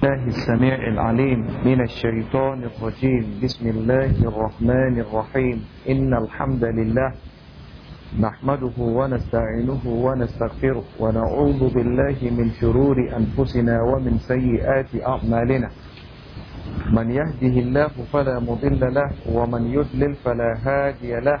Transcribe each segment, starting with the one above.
الله السميع العليم من الشيطان الرجيم بسم الله الرحمن الرحيم إن الحمد لله نحمده ونستعينه ونستغفره ونعوذ بالله من شرور أنفسنا ومن سيئات أعمالنا من يهده الله فلا مضل له ومن يضلل فلا هادي له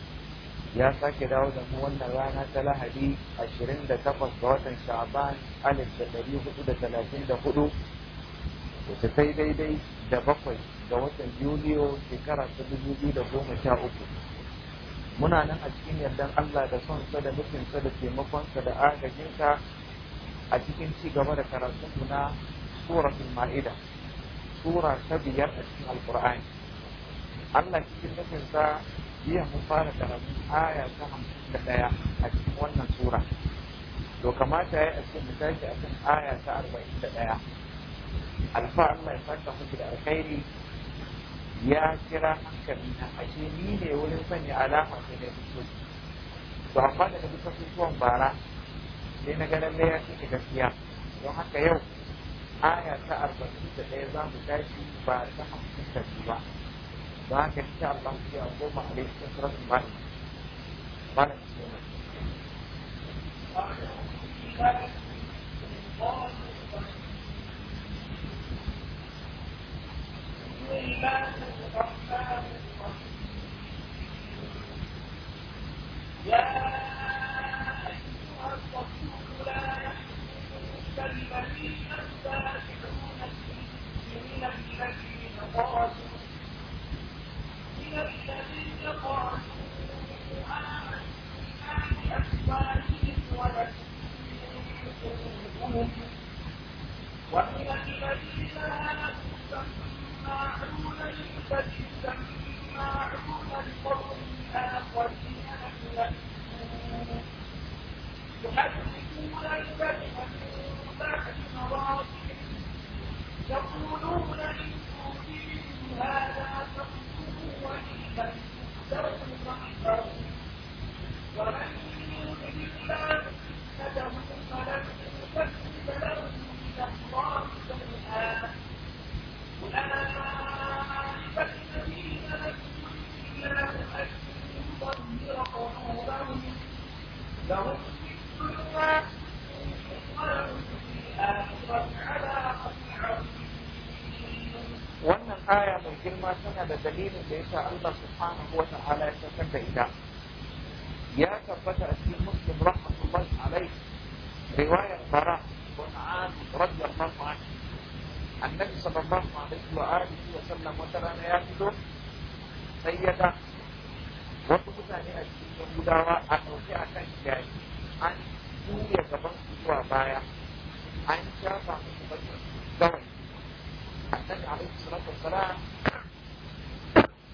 ya sake dawo da mu wannan rana ta lahadi 28 ga watan shaban alif da ɗari hudu da talatin da hudu daidai da bakwai ga watan yuliyo shekara ta dubu biyu da goma sha uku muna nan a cikin yardan allah da son sa da nufinsa da taimakonsa da agajinsa a cikin ci gaba da karatunmu na suratul ma'ida sura ta biyar a cikin alkur'ani allah cikin nufinsa jiya mun fara karatu aya ta hamsin da ɗaya a cikin wannan sura to kamata ya yi a cikin misali a kan aya ta arba'in da ɗaya alfa Allah ya saka muku da alkhairi ya kira hankali na ashe ni ne wurin sanya alama da na fito to amma daga duk kasusuwan bara sai na ganin ya cike gaskiya don haka yau aya ta arba'in da ɗaya za mu tashi ba ta hamsin da ba bakit siya ang pangkiyaw po maalis sa Yeah. ربكم ومن الذين هادوا سماعون للكذب سماعون لقوم آخرين لم يحرفون الكلمة من بعد مواضعه يقولون إن da dalilin da yasa Allah subhanahu wa ta'ala ya saukar da ita ya tabbata a cikin muslim rahmatullahi alaihi riwayar bara wani an radiyallahu anhu annabi sallallahu alaihi wa alihi wa sallam wata rana ya fito sai ya ga wasu mutane a cikin yahudawa a ɗauke a kan yaki? an juya gaban su zuwa baya an shafa musu bakin gawayi annabi alaihi salatu wassalam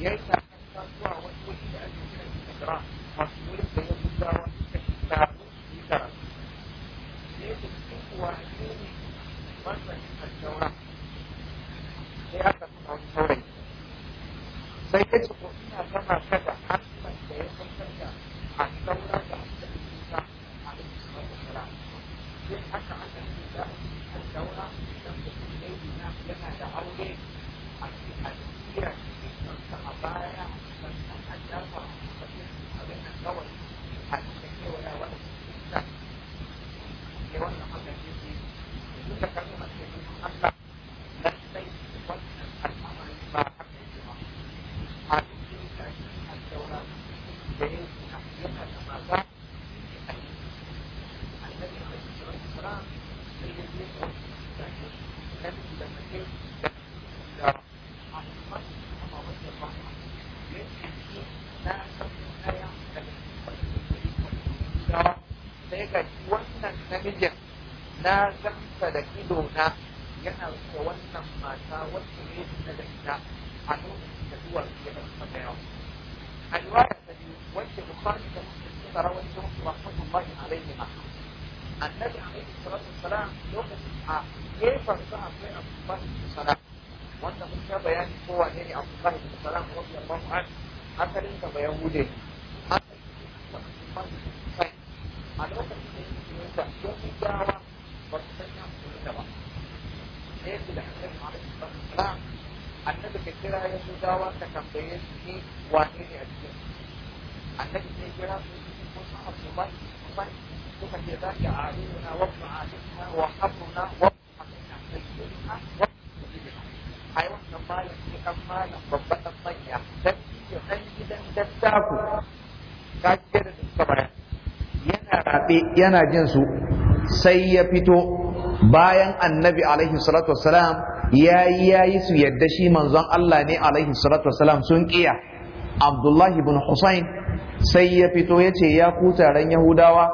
ya yi sakar zuwa wani da masu wurin da ya sai wannan saurayi sai ya ce ko ina zama kan kai wannan namijin na zanta da ido na yana da wannan mata wacce ne na da ita a lokacin da duwar ya da ta da yawa a riwayar da biyu wacce bukari da muslim suka rawaito rahmatullahi alaihi ma annabi alaihi salatu wassalam lokacin a gefen sa kai Abu bin salam wanda mun sha bayani kowa ne ne abdullahi bin salam radiyallahu anhu asalin sa bayan hude cikin ne a cikin su gidan ka da yana yana jin su sai ya fito bayan annabi alaihi salatu wassalam yayi yi su yadda shi manzon Allah ne alaihi salatu wasalam sun kiya Abdullahi ibn Husayn sai ya fito ya ce ya ku taron Yahudawa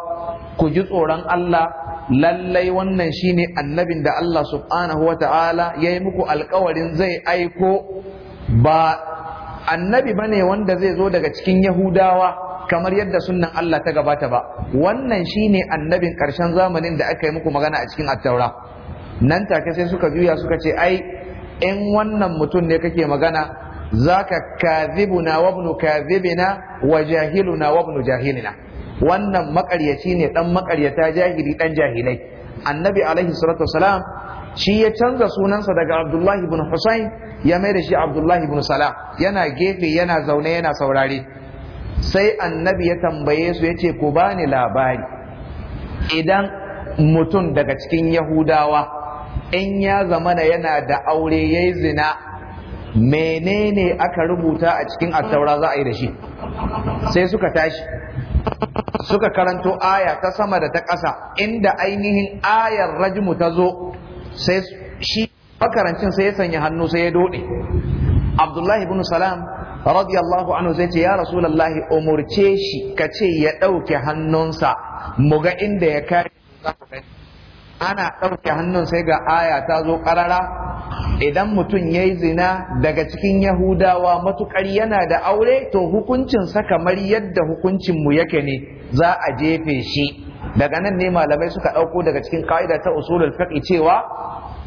ku ji tsoron Allah lallai wannan shine annabin da Allah subhanahu wa ta'ala ya yi muku alkawarin zai aiko ba annabi bane wanda zai zo daga cikin Yahudawa kamar yadda sunnan Allah ta gabata ba wannan shine annabin ƙarshen zamanin da aka yi muku magana a cikin attaura nan take sai suka juya suka ce ai in wannan mutum ne kake magana zaka kadhibuna wa ibn kadhibina wa jahiluna wa ibn jahilina wannan makaryaci ne dan makaryata jahili dan jahilai annabi alaihi salatu wasalam shi ya canza sunansa daga abdullahi ibn husain ya mai da shi abdullahi ibn salam yana gefe yana zaune yana saurare sai annabi ya tambaye su ya ce ku bani labari idan mutum daga cikin yahudawa in ya zamana yana da aure ya yi zina menene aka rubuta a cikin attaura za a yi da shi sai suka tashi suka karanto aya ta sama da ta ƙasa inda ainihin ayar rajmu ta zo sai shi makarancin sai ya sanya hannu sai ya dode abdullahi ibn salam radiyallahu anhu zai ce ya rasulullahi umurce shi ka ce ya ɗauke hannunsa Muga inda ya kare ana ɗauke hannun sai ga aya ta zo ƙarara idan mutum ya zina daga cikin yahudawa matuƙar yana da aure to hukuncinsa kamar yadda hukuncinmu yake ne za a jefe shi daga nan ne malamai suka ɗauko daga cikin ka'ida ta usulul fiqh cewa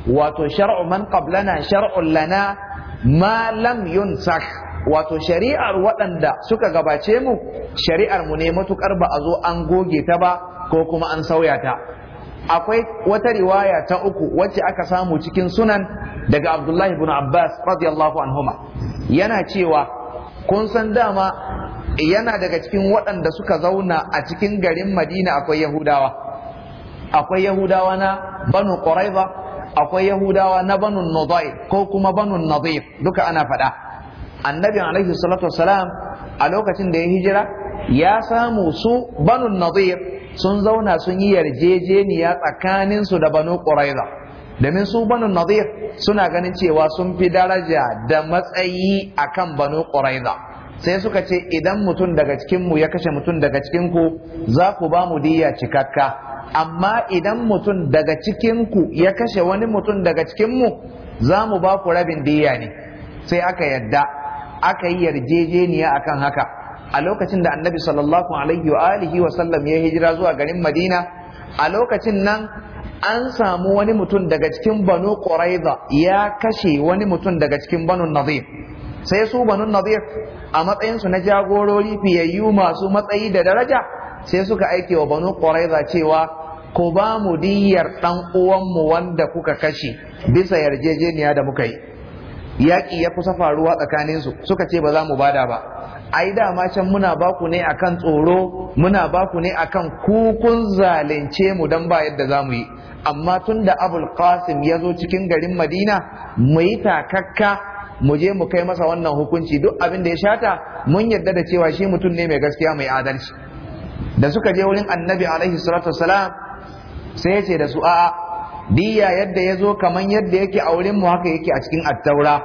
wato shar'u man qablana shar'un lana ma lam yunsakh wato shari'ar waɗanda suka gabace mu shari'ar mu ne matuƙar ba a zo an goge ta ba ko kuma an sauya ta akwai wata riwaya ta uku wacce aka samu cikin sunan daga abdullahi ibn abbas radiyallahu anhuma yana cewa kun san dama yana daga cikin waɗanda suka zauna a cikin garin madina akwai yahudawa akwai yahudawa na banu quraiza akwai yahudawa na banu nudayr ko kuma banu nadir duka ana faɗa annabi alaihi salatu wasalam a lokacin da ya hijira ya samu su banu Nazir. sun zauna sun yi yarjejeniya tsakaninsu da banu ƙuraiza domin su banu nadir suna ganin cewa sun fi daraja da matsayi akan banu ƙuraiza sai suka ce idan mutum daga cikinmu ya kashe mutum daga cikinku za ku ba mu diya cikakka amma idan mutum daga cikinku ya kashe wani mutum daga cikinmu za mu ba ku rabin diya ne sai aka yarda aka yi yarjejeniya akan haka a lokacin da annabi sallallahu alaihi wa alihi wa sallam ya hijira zuwa garin madina a lokacin nan an samu wani mutum daga cikin banu quraiza ya kashe wani mutum daga cikin banu nadir sai su banu nadir a matsayin su na jagorori fiyayyu masu matsayi da daraja sai suka aike wa banu quraiza cewa ku ba mu diyar dan mu wanda kuka kashe bisa yarjejeniya da muka yi yaƙi ya kusa faruwa tsakaninsu suka ce ba za mu bada ba ai dama can muna baku ne akan tsoro muna baku ne akan kukun zalunce mu dan ba yadda za mu yi amma tun da abul qasim ya zo cikin garin madina mu yi takakka mu je mu kai masa wannan hukunci duk abin da ya shata mun yarda da cewa shi mutum ne mai gaskiya mai adalci da suka je wurin annabi alaihi salatu wasalam sai ya ce da su a'a diya yadda ya zo kaman yadda yake a wurin mu haka yake a cikin attaura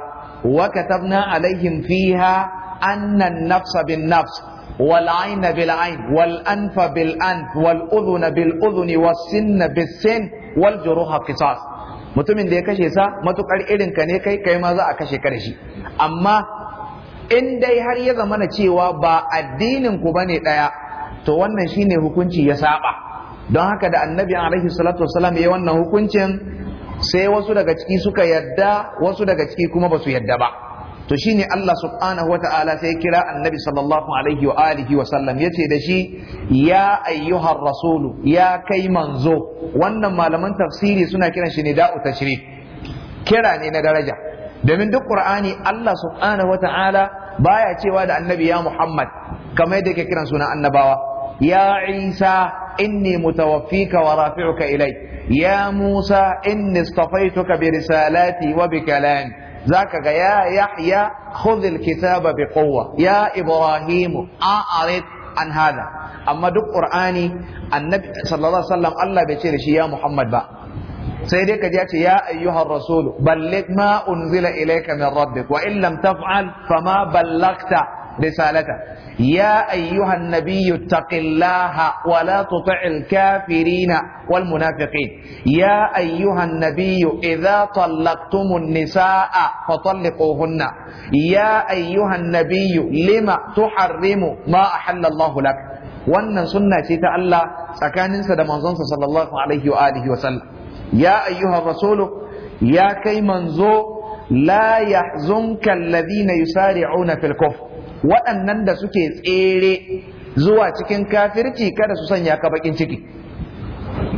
wa katabna alaihim fiha annan nafsa bin nafs wal aina bil ain wal anfa bil wal mutumin da ya kashe sa matukar irin ka ne kai kai ma za a kashe ka shi amma in dai har ya zamana cewa ba addinin ku bane daya to wannan shine hukunci ya saba don haka da annabi alaihi salatu wasalam ya wannan hukuncin sai wasu daga ciki suka yadda wasu daga ciki kuma ba su yadda ba to shine Allah subhanahu wata'ala sai kira annabi sallallahu alaihi wa alihi wa sallam yace da shi ya ayyuhar rasulu ya kai manzo wannan malaman tafsiri suna kiran shi ne da'u tashrif kira ne na daraja domin duk qur'ani Allah subhanahu wata'ala baya cewa da annabi ya Muhammad kamar yadda yake kiran sunan annabawa ya Isa inni mutawaffika wa rafi'uka ilai ya Musa inni istafaituka bi risalati wa bi kalami zaka ga ya yahya kitaba bi biquwwa ya ibrahimu a'rid an hada amma duk qur'ani annabi sallallahu alaihi wasallam Allah bai ce da shi ya muhammad ba sai dai ka ji ce ya ayyuhar rasul balligh ma unzila ilayka min rabbik wa in lam taf'al fama ballagta risalata ya ayyuhan nabiyyu taƙillaha wala la kafirina wal munafiqin ya ayyuhan nabiyyu idza tallaqtumun nisaa fatalliquhunna ya ayyuhan nabiyyu lima tuharrimu ma ahalla Allahu lak wannan sunna ce ta Allah tsakaninsa da manzonsa sallallahu alaihi wa alihi wa sallam ya ayyuhan rasulu ya kai manzo لا يحزنك الذين يسارعون في الكفر waɗannan da suke tsere zuwa cikin kafirci kada su sanya ka bakin ciki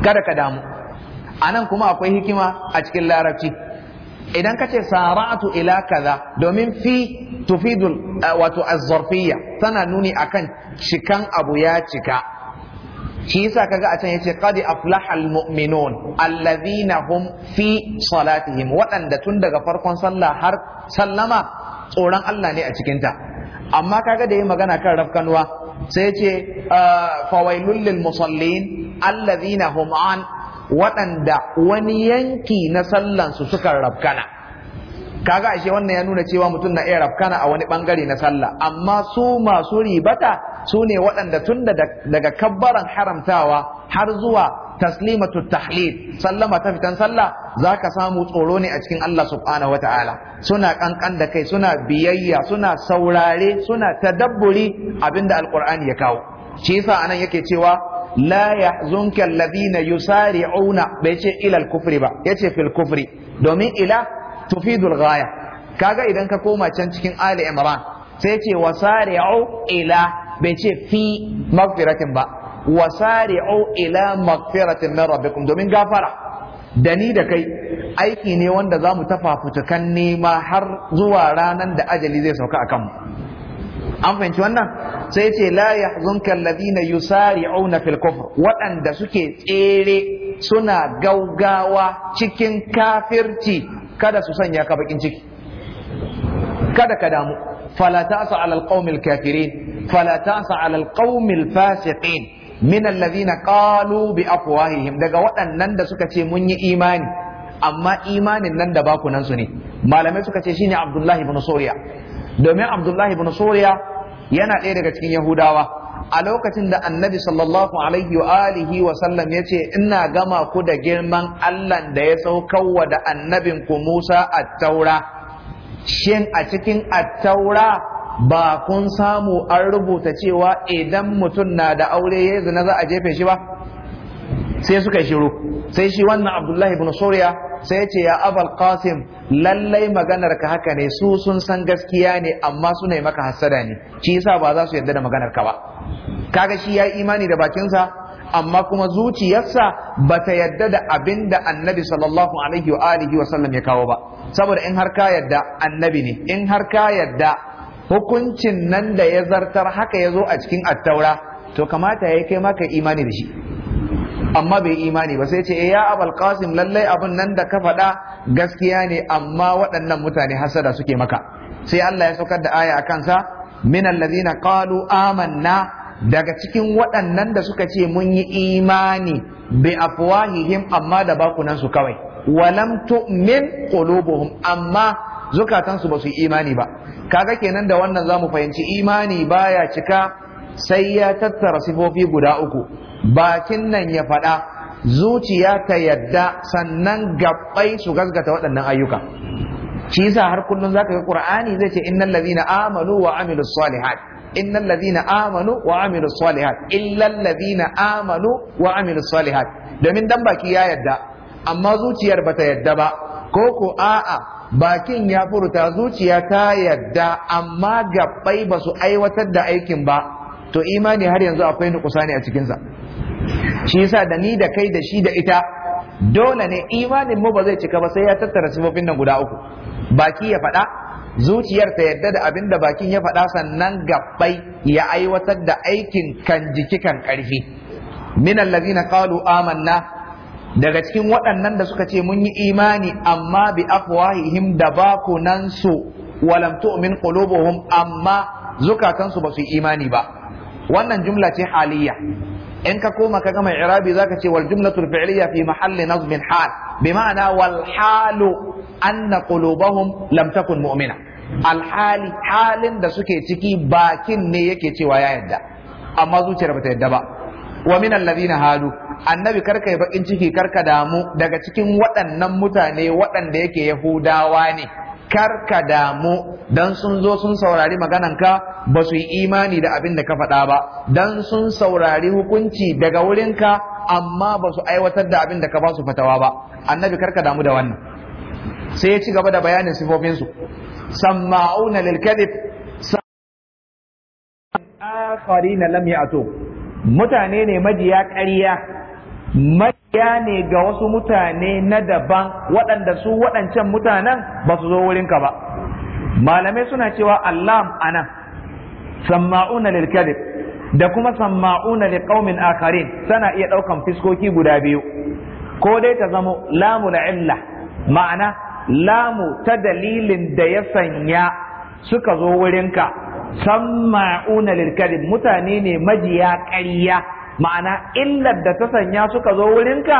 kada ka damu anan kuma akwai hikima a cikin larabci idan ka ce sara'atu ila kaza domin fi tufidul eh, wato azzarfiyya tana nuni akan cikan abu ya cika shi yasa kaga a can yace qad aflaha almu'minun alladhina hum fi salatihim waɗanda tun daga farkon sallah har sallama tsoron Allah ne a cikinta amma kaga da yi magana kan rafkanuwa sai ce ah, fawailul lil musallin alladhina hum an waɗanda wani yanki na sallansu suka rafkana kaga ashe wannan ya nuna cewa mutum na iya rafkana a wani bangare na sallah amma su masu ribata su ne waɗanda tun daga kabbaran haramtawa har zuwa taslimatu tahlil sallama ta fitan sallah zaka samu tsoro ne a cikin Allah subhanahu wataala suna kankan da kai suna biyayya suna saurare suna tadabburi abinda alqur'ani ya kawo shi yasa anan yake cewa لا يحزنك الذين يسارعون ce ilal الكفر با يتي في الكفر domin ila. tufidul ghaya kaga idan ka koma can cikin ali imran sai ce wasari'u ila bai ce fi magfiratin ba wasari'u ila magfiratin min rabbikum domin gafara da ni da kai aiki ne wanda za mu tafafutukan nema har zuwa ranar da ajali zai sauka a kanmu an fahimci wannan sai ce la yahzunka alladhina yusari'una auna kufr waɗanda suke tsere suna gaugawa cikin kafirci kada su sanya ka bakin ciki kada ka damu fala ta'sa 'ala al-qaumil kafirin fala ta'sa 'ala al-qaumil fasiqin min alladhina qalu bi afwahihim daga waɗannan da suka ce mun yi imani amma imanin nan da baku nan su ne malamai suka ce shine Abdullahi ibn Suriya domin Abdullahi ibn Suriya yana ɗaya daga cikin Yahudawa a lokacin da annabi sallallahu alaihi wa alihi wa sallam ya ce ina gama ku da girman Allah da ya wa da annabin ku Musa at-taura shin a cikin at-taura ba kun samu an rubuta cewa idan mutum na da aure ya zina za a jefe shi ba sai suka shiru sai shi wannan Abdullahi ibn Suriya sai ya ce ya abal qasim lallai maganar ka haka ne su sun san gaskiya ne amma su ne maka hasada ne shi yasa ba za su yarda da maganar ka ba kaga shi ya imani da bakinsa amma kuma zuciyarsa ba ta yarda da abinda annabi sallallahu alaihi wa alihi wa sallam ya kawo ba saboda in har ka yarda annabi ne in har ka yarda hukuncin nan da ya zartar haka ya zo a cikin attaura to kamata ya kai maka imani da shi amma bai imani ba sai ce eh, ya abal qasim lallai abun nan da ka faɗa gaskiya ne amma waɗannan mutane hasada suke maka sai Allah ya saukar da aya akan sa min allazina qalu amanna daga cikin waɗannan da suka ce mun yi imani bi afwahihim amma da bakunan su kawai walam tu'min qulubuhum amma zukatansu ba su yi imani ba kaga kenan da wannan zamu fahimci imani baya cika sai ya tattara sifofi guda uku bakin nan ya faɗa zuciya ta yadda sannan gabbai su gasgata waɗannan ayyuka shi yasa har kullun zaka ga qur'ani zai ce innal ladina amanu wa amilus salihat innal ladina amanu wa amilus salihat illal ladina amanu wa amilus salihat domin dan baki ya yadda amma zuciyar bata yadda ba ko ko a'a bakin ya furta zuciya ta yadda amma gabbai basu aiwatar da aikin ba to imani har yanzu akwai nukusani a cikinsa shi yasa da ni da kai da shi da ita dole ne imanin mu ba zai cika ba sai ya tattara sifofin nan guda uku baki ya faɗa zuciyar ta yadda da abin da bakin ya faɗa sannan gabbai ya aiwatar da aikin kan jiki kan ƙarfi min allazina qalu amanna daga cikin waɗannan da suka ce mun yi imani amma bi afwahihim da bakunansu walam tu'min qulubuhum amma zukatansu ba su yi imani ba wannan jumla ce haliya in ka koma ka gama irabi zaka ce wal jumlatul fi'liya fi mahalli nazmin hal bi ma'ana wal halu anna qulubahum lam takun mu'mina al hali halin da suke ciki bakin ne yake cewa ya yadda amma zuciyar bata yadda ba wa min alladhina hadu annabi karka yi bakin ciki karka damu daga cikin waɗannan mutane waɗanda yake yahudawa ne kar ka damu dan sun zo sun saurari magananka ba su yi imani da abin da ka faɗa ba dan sun saurari hukunci daga wurinka amma ba su aiwatar da abin da ka ba su fatawa ba annabi kar ka damu da wannan sai ya ci gaba da bayanin sifofinsu samma'una lil kadhib akharina lam ya'tu mutane ne majiya ƙarya mariya ne ga wasu mutane na daban waɗanda su waɗancan mutanen ba su zo wurinka ba malamai suna cewa allam anan samma'una lilkadir da kuma samma'una li akharin sana iya ɗaukan fiskoki guda biyu ko dai ta zamo lamu la illa ma'ana lamu ta dalilin da ya sanya suka zo wurinka samma'una lilkadir mutane ne majiya ƙarya ma'ana illar da ta sanya suka zo wurinka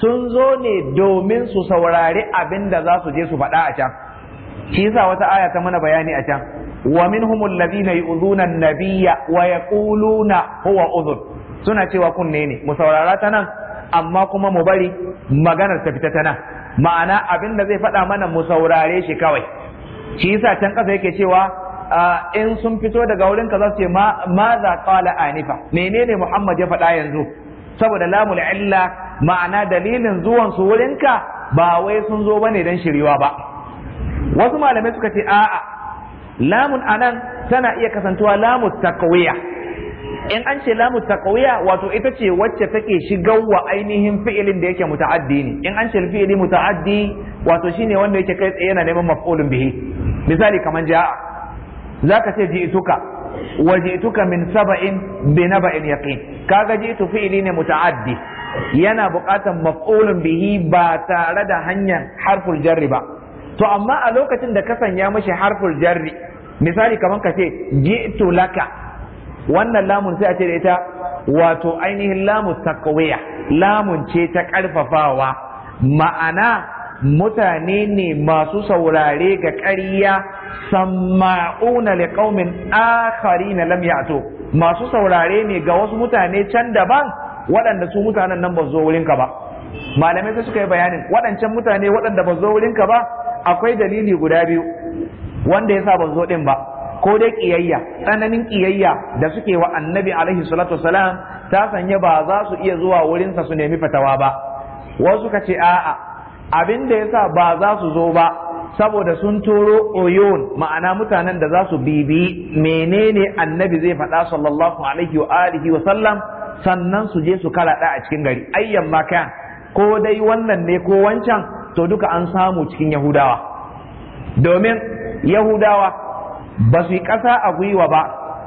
sun zo ne domin su saurari abin da za su je su faɗa a can shi yasa wata aya ta mana bayani a can wa minhumul na yi an-nabiyya wa yaquluna huwa udhun suna cewa kunne ne mu saurara ta nan amma kuma mu bari maganar ta fita ta nan ma'ana abin da zai faɗa mana mu saurare shi kawai shi yasa can ƙasa yake cewa in sun fito daga wurin ka za su ce ma za qala anifa menene Muhammad ya faɗa yanzu saboda lamul illa ma'ana dalilin zuwan su wurin ka ba wai sun zo bane dan shiriwa ba wasu malamai suka ce a'a lamun anan tana iya kasantuwa lamu taqwiya in an ce lamu taqwiya wato ita ce wacce take shigarwa ainihin fi'ilin da yake muta'addi ne in an ce fi'ili muta'addi wato shine wanda yake kai tsaye yana neman maf'ulun bihi misali kaman ja'a zaka ce ji'tuka wa ji'tuka min saba'in bi naba'in yaqin kaga ji'tu fi'li ne muta'addi yana buƙatar maf'ulun bihi ba tare da hanyar harful jarri ba to amma a lokacin da ka sanya mashi harful jarri misali kamar ka ce ji'tu laka wannan lamun sai a ce da ita wato ainihin lamu taqwiya lamun ce ta ƙarfafawa ma'ana mutane ne masu saurare ga ƙarya sama'una liqaumin akharina lam ya'tu masu saurare ne ga wasu mutane can daban waɗanda su mutanen nan ba zo wurinka ba malamai sai suka yi bayanin waɗancan mutane waɗanda ba zo wurinka ba akwai dalili guda biyu wanda yasa ban zo din ba ko dai kiyayya tsananin kiyayya da suke wa annabi alaihi salatu wasalam ta sanya ba za su iya zuwa wurin sa su nemi fatawa ba wasu ka ce a'a abinda da yasa ba za su zo ba saboda sun toro oyon ma'ana mutanen da za su bibi menene annabi zai faɗa sallallahu alaihi wa alihi wa sallam sannan su je su karaɗa a cikin gari ayyan maka ko dai wannan ne ko wancan to duka an samu cikin yahudawa domin yahudawa ba su yi ƙasa a gwiwa ba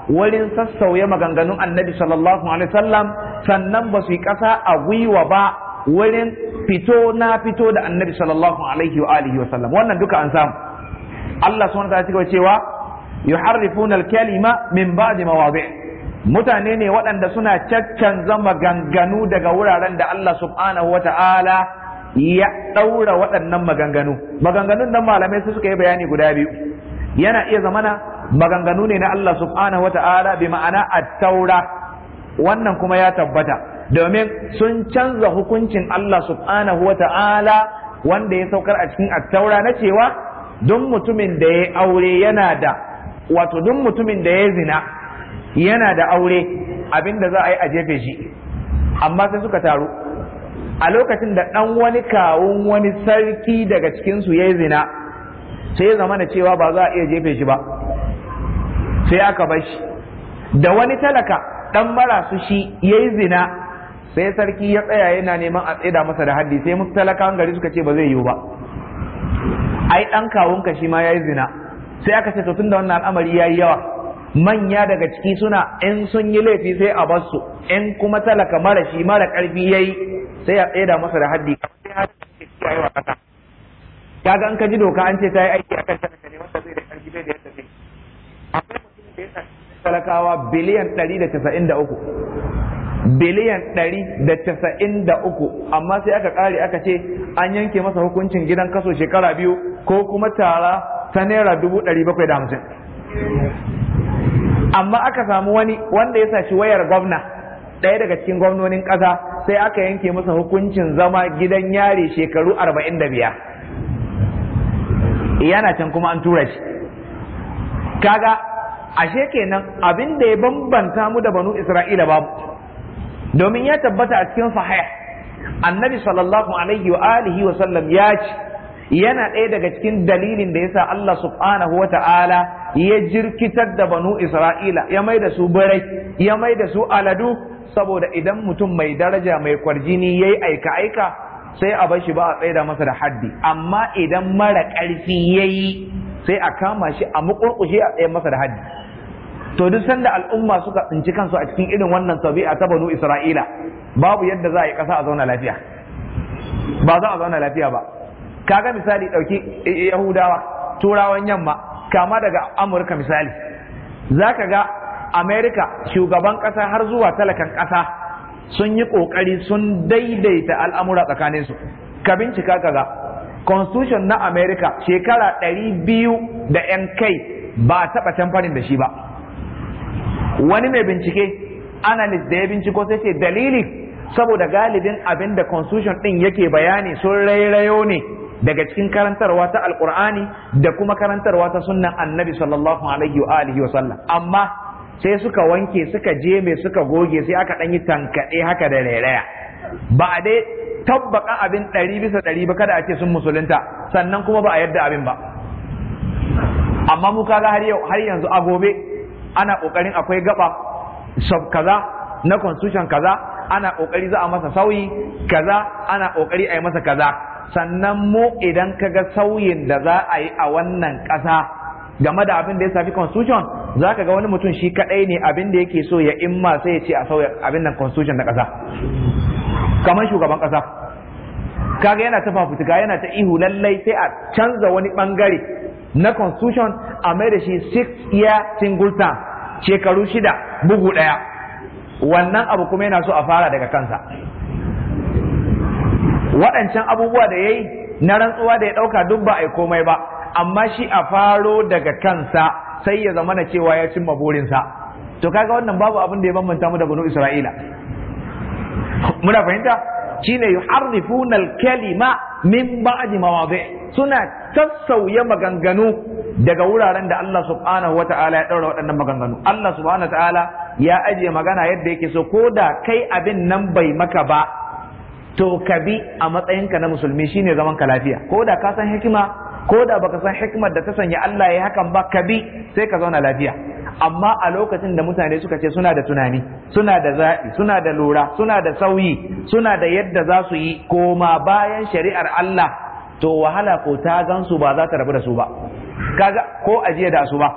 wurin sassauye maganganun annabi sallallahu alaihi wa sallam, sannan ba su yi ƙasa a gwiwa ba wurin fito na fito da annabi sallallahu alaihi wa alihi wa sallam wannan duka an samu Allah subhanahu wa ta'ala cewa yuharrifuna al-kalima min ba'di mawadi' mutane ne waɗanda suna caccan zama ganganu daga wuraren da Allah subhanahu wa ta'ala ya ɗaura waɗannan maganganu maganganun nan malamai su suka yi bayani guda biyu yana iya zamana maganganu ne na Allah subhanahu wa ta'ala bi ma'ana at-taura wannan kuma ya tabbata domin sun canza hukuncin Allah subhanahu wa ta'ala wanda ya saukar a cikin attaura na cewa duk mutumin da ya aure yana da wato duk mutumin da ya zina yana da aure abinda za a yi a jefe shi amma sai suka taru a lokacin da ɗan wani kawun wani sarki daga cikinsu ya yi zina sai ya zama cewa ba za a iya jefe shi ba sai aka bar shi da wani talaka ɗan marasu shi ya yi zina sai sarki ya tsaya yana neman a tsida masa da haddi sai musu talakawan gari suka ce ba zai yiwu ba ai dan kawunka shi ma yayi zina sai aka ce to tunda wannan al'amari yayi yawa manya daga ciki suna in sun yi laifi sai a bar su in kuma talaka mara shi mara karfi yayi sai a tsida masa da haddi ga an ka ji doka an ce ta yi aiki akan talaka ne wanda zai da karfi zai da yadda zai akwai mutum da ya talakawa biliyan 193 biliyan ɗari da casa'in da uku amma sai aka ƙare aka ce an yanke masa hukuncin gidan kaso shekara biyu ko kuma tara ta naira dubu ɗari bakwai da hamsin amma aka samu wani wanda ya sashi wayar gwamna ɗaya daga cikin gwamnonin ƙasa sai aka yanke masa hukuncin zama gidan yari shekaru arba'in da biyar yana can kuma an tura shi kaga ashe kenan abin da ya bambanta mu da banu isra'ila babu domin ya tabbata a cikin sahih annabi sallallahu alaihi wa alihi wa sallam ya ce yana ɗaya daga cikin dalilin da yasa Allah subhanahu wa ta'ala ya jirkitar da banu Isra'ila ya maida su birai ya maida su aladu saboda idan mutum mai daraja mai kwarjini yayi aika aika sai a bashi ba a tsaida masa da haddi amma idan mara ƙarfi yayi sai a kama shi a muƙurƙushe a tsaye masa da haddi to duk sanda al'umma suka tsinci kansu a cikin irin wannan tabi'a ta banu isra'ila babu yadda za a yi ƙasa a zauna lafiya ba za a zauna lafiya ba kaga misali ɗauki yahudawa turawan yamma kama daga amurka misali za ka ga amerika shugaban ƙasa har zuwa talakan ƙasa sun yi ƙoƙari sun daidaita al'amura tsakaninsu ka bincika ka ga constitution na Amerika shekara ɗari biyu da 'yan kai ba a taɓa tamfarin da shi ba wani mai bincike analyst da ya binciko sai ce dalili saboda galibin abin da constitution din yake bayani sun rairayo ne daga cikin karantarwa ta alkur'ani da kuma karantarwa ta sunnan annabi sallallahu alaihi wa sallam amma sai suka wanke suka je mai suka goge sai aka ɗan yi tankaɗe haka da rairaya ba a dai tabbaka abin ɗari bisa ɗari ba kada a ce sun musulunta sannan kuma ba a yadda abin ba amma mu kaga har yau har yanzu a gobe ana kokarin akwai gaba sub kaza na constitution kaza ana kokari za a masa sauyi kaza ana kokari a yi masa kaza sannan mu idan ka ga sauyin da za a yi a wannan ƙasa game da abin da ya safi constitution za ka ga wani mutum shi kadai ne abin da yake so ya imma sai ya ce a sauya abin nan constitution na ƙasa kamar shugaban ƙasa kaga yana ta fafutuka yana ta ihu lallai sai a canza wani ɓangare na constitution a mai da shi six year single term shekaru shida bugu ɗaya wannan abu kuma yana so a fara daga kansa waɗancan abubuwa da ya yi na rantsuwa da ya ɗauka duk ba a yi komai ba amma shi a faro daga kansa sai ya zama na cewa ya cimma burinsa to kaga wannan babu abin da ya bambanta mu da banu isra'ila muna fahimta shine yuharrifuna al-kalima min ba'di mawadi' suna sassauya maganganu daga wuraren da Allah subhanahu wa ta'ala ya ɗaura waɗannan maganganu Allah subhanahu wa ta'ala ya ajiye magana yadda yake so ko da kai abin nan bai maka ba to ka bi a matsayinka na musulmi shine zaman ka lafiya ko da ka san hikima ko da baka san hikimar da ta sanya Allah ya hakan ba ka bi sai ka zauna lafiya amma a lokacin da mutane suka ce suna da tunani suna da zaɓi suna da lura suna da sauyi suna da yadda za su yi koma bayan shari'ar Allah to wahala ko ta gansu ba za ta rabu da su ba kaga ko ajiya da su ba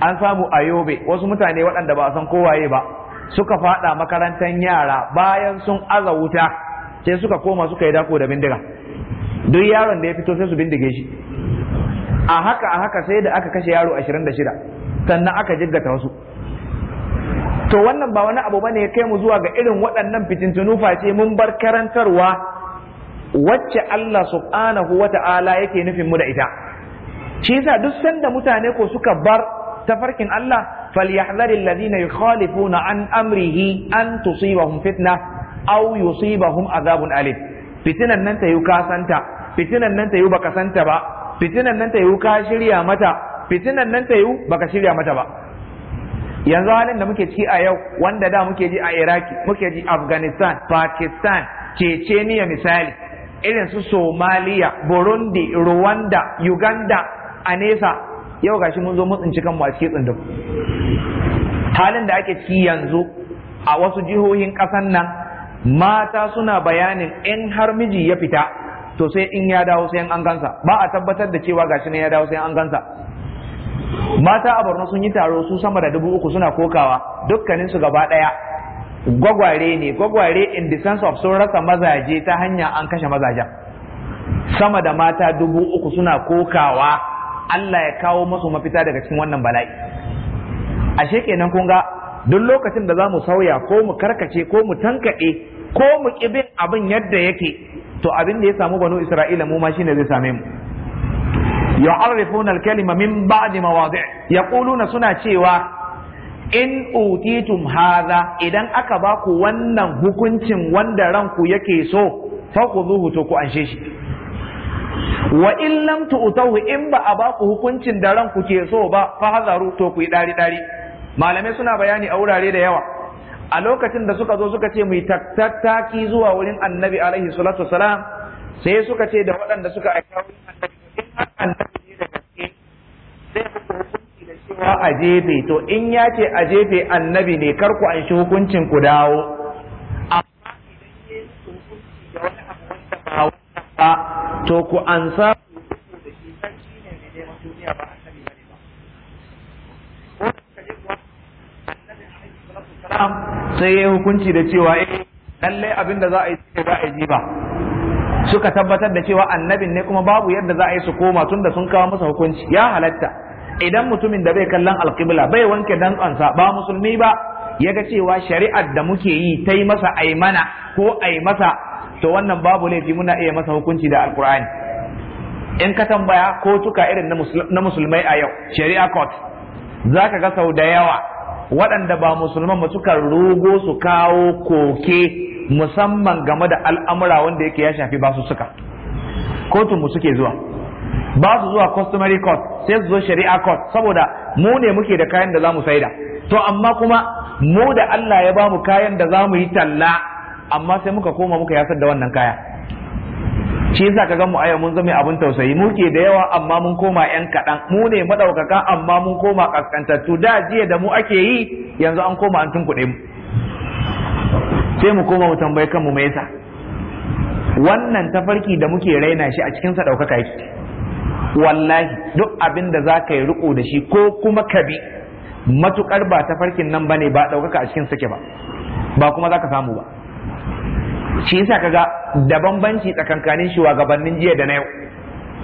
an samu a yobe wasu mutane waɗanda ba san kowaye ba suka fada makarantar yara bayan sun aza wuta sai suka koma suka yi dako da bindiga duk yaron da ya fito sai su bindige shi a haka a haka sai da aka kashe yaro 26 sannan aka jiggata wasu to wannan ba wani abu bane ya kai mu zuwa ga irin waɗannan fitintunu face mun bar karantarwa wacce Allah subhanahu wa ta'ala yake nufin mu da ita shi yasa duk sanda mutane ko suka bar tafarkin Allah falyahdharil ladina yukhalifuna an amrihi an tusibahum fitna aw yusibahum azabun alim fitinan nan ta yi kasanta fitinan nan ta yi baka santa ba fitinan nan ta yi ka shirya mata fitinan nan ta yi baka shirya mata ba yanzu halin da muke ciki a yau wanda da muke ji a iraki muke ji afghanistan pakistan ceceniya misali irin su somalia burundi rwanda uganda a nesa yau gashi mun zo mutsinci kanmu a cikin tsindin halin da ake ciki yanzu a wasu jihohin ƙasan nan mata suna bayanin in har miji ya fita to sai in ya dawo sai an gansa ba a tabbatar da cewa gashi ne ya dawo sai an gansa mata a borno sun yi taro su sama da dubu uku suna kokawa dukkaninsu gaba ɗaya gwagware ne gwagware in the sense of sun rasa mazaje ta hanya an kashe mazajen sama da mata dubu uku suna kokawa Allah ya kawo masu mafita daga cikin wannan bala'i ashe kenan kun ga duk lokacin da za mu sauya ko mu karkace ko mu tankaɗe ko mu ƙibin abin yadda yake to abin da ya samu banu isra'ila mu ma shine zai same mu yu'arrifuna al-kalima min ba'di mawadi' yaquluna suna cewa in utitum haza idan aka ba ku wannan hukuncin wanda ranku yake so fa ku zuhu to ku anshe shi wa in lam tu'tahu in ba a ba ku hukuncin da ranku ke so ba fa hazaru to ku dari dari malamai suna bayani a wurare da yawa a lokacin da suka zo suka ce mu tattaki zuwa wurin annabi alaihi salatu wasalam sai suka ce da waɗanda suka aika wurin annabi a jefe to in ya ce a jefe annabi ne kar ku an shi hukuncin ku dawo to ku ansa sai ya hukunci da cewa eh lallai abin da za a yi ba a yi ba suka tabbatar da cewa annabin ne kuma babu yadda za a yi su koma tunda sun kawo masa hukunci ya halatta idan mutumin da bai kallon alƙibla bai wanke dantsansa ba musulmi ba ya ga cewa shari'ar da muke yi ta yi masa aimana ko ai masa to wannan babu laifi muna iya masa hukunci da alƙur'ani in ka tambaya ko kotuka irin na musulmai a yau shari'a court za ka ga sau da yawa waɗanda ba musulman ba suka rugo su kawo koke musamman game da al'amura wanda yake ya shafi basu suka kotun mu suke zuwa ba su zuwa customary court sai su zo shari'a court saboda mu ne muke da kayan da za mu saida to amma kuma mu da Allah ya ba mu kayan da za mu yi talla amma sai muka koma muka yasar da wannan kaya shi yasa ka mu aya mun zama abin tausayi muke ke da yawa amma mun koma yan kaɗan mu ne madaukaka amma mun koma kaskantattu da jiya da mu ake yi yanzu an koma an tunkuɗe mu sai mu koma mu tambayi kanmu me yasa wannan tafarki da muke raina shi a cikin sa ɗaukaka yake wallahi duk abin da za ka yi riko da shi ko kuma ka bi matukar ba ta farkin nan ba ne ba ɗaukaka a cikin sake ba ba kuma za ka samu ba shi yasa kaga da bambanci tsakankanin shugabannin jiya da na yau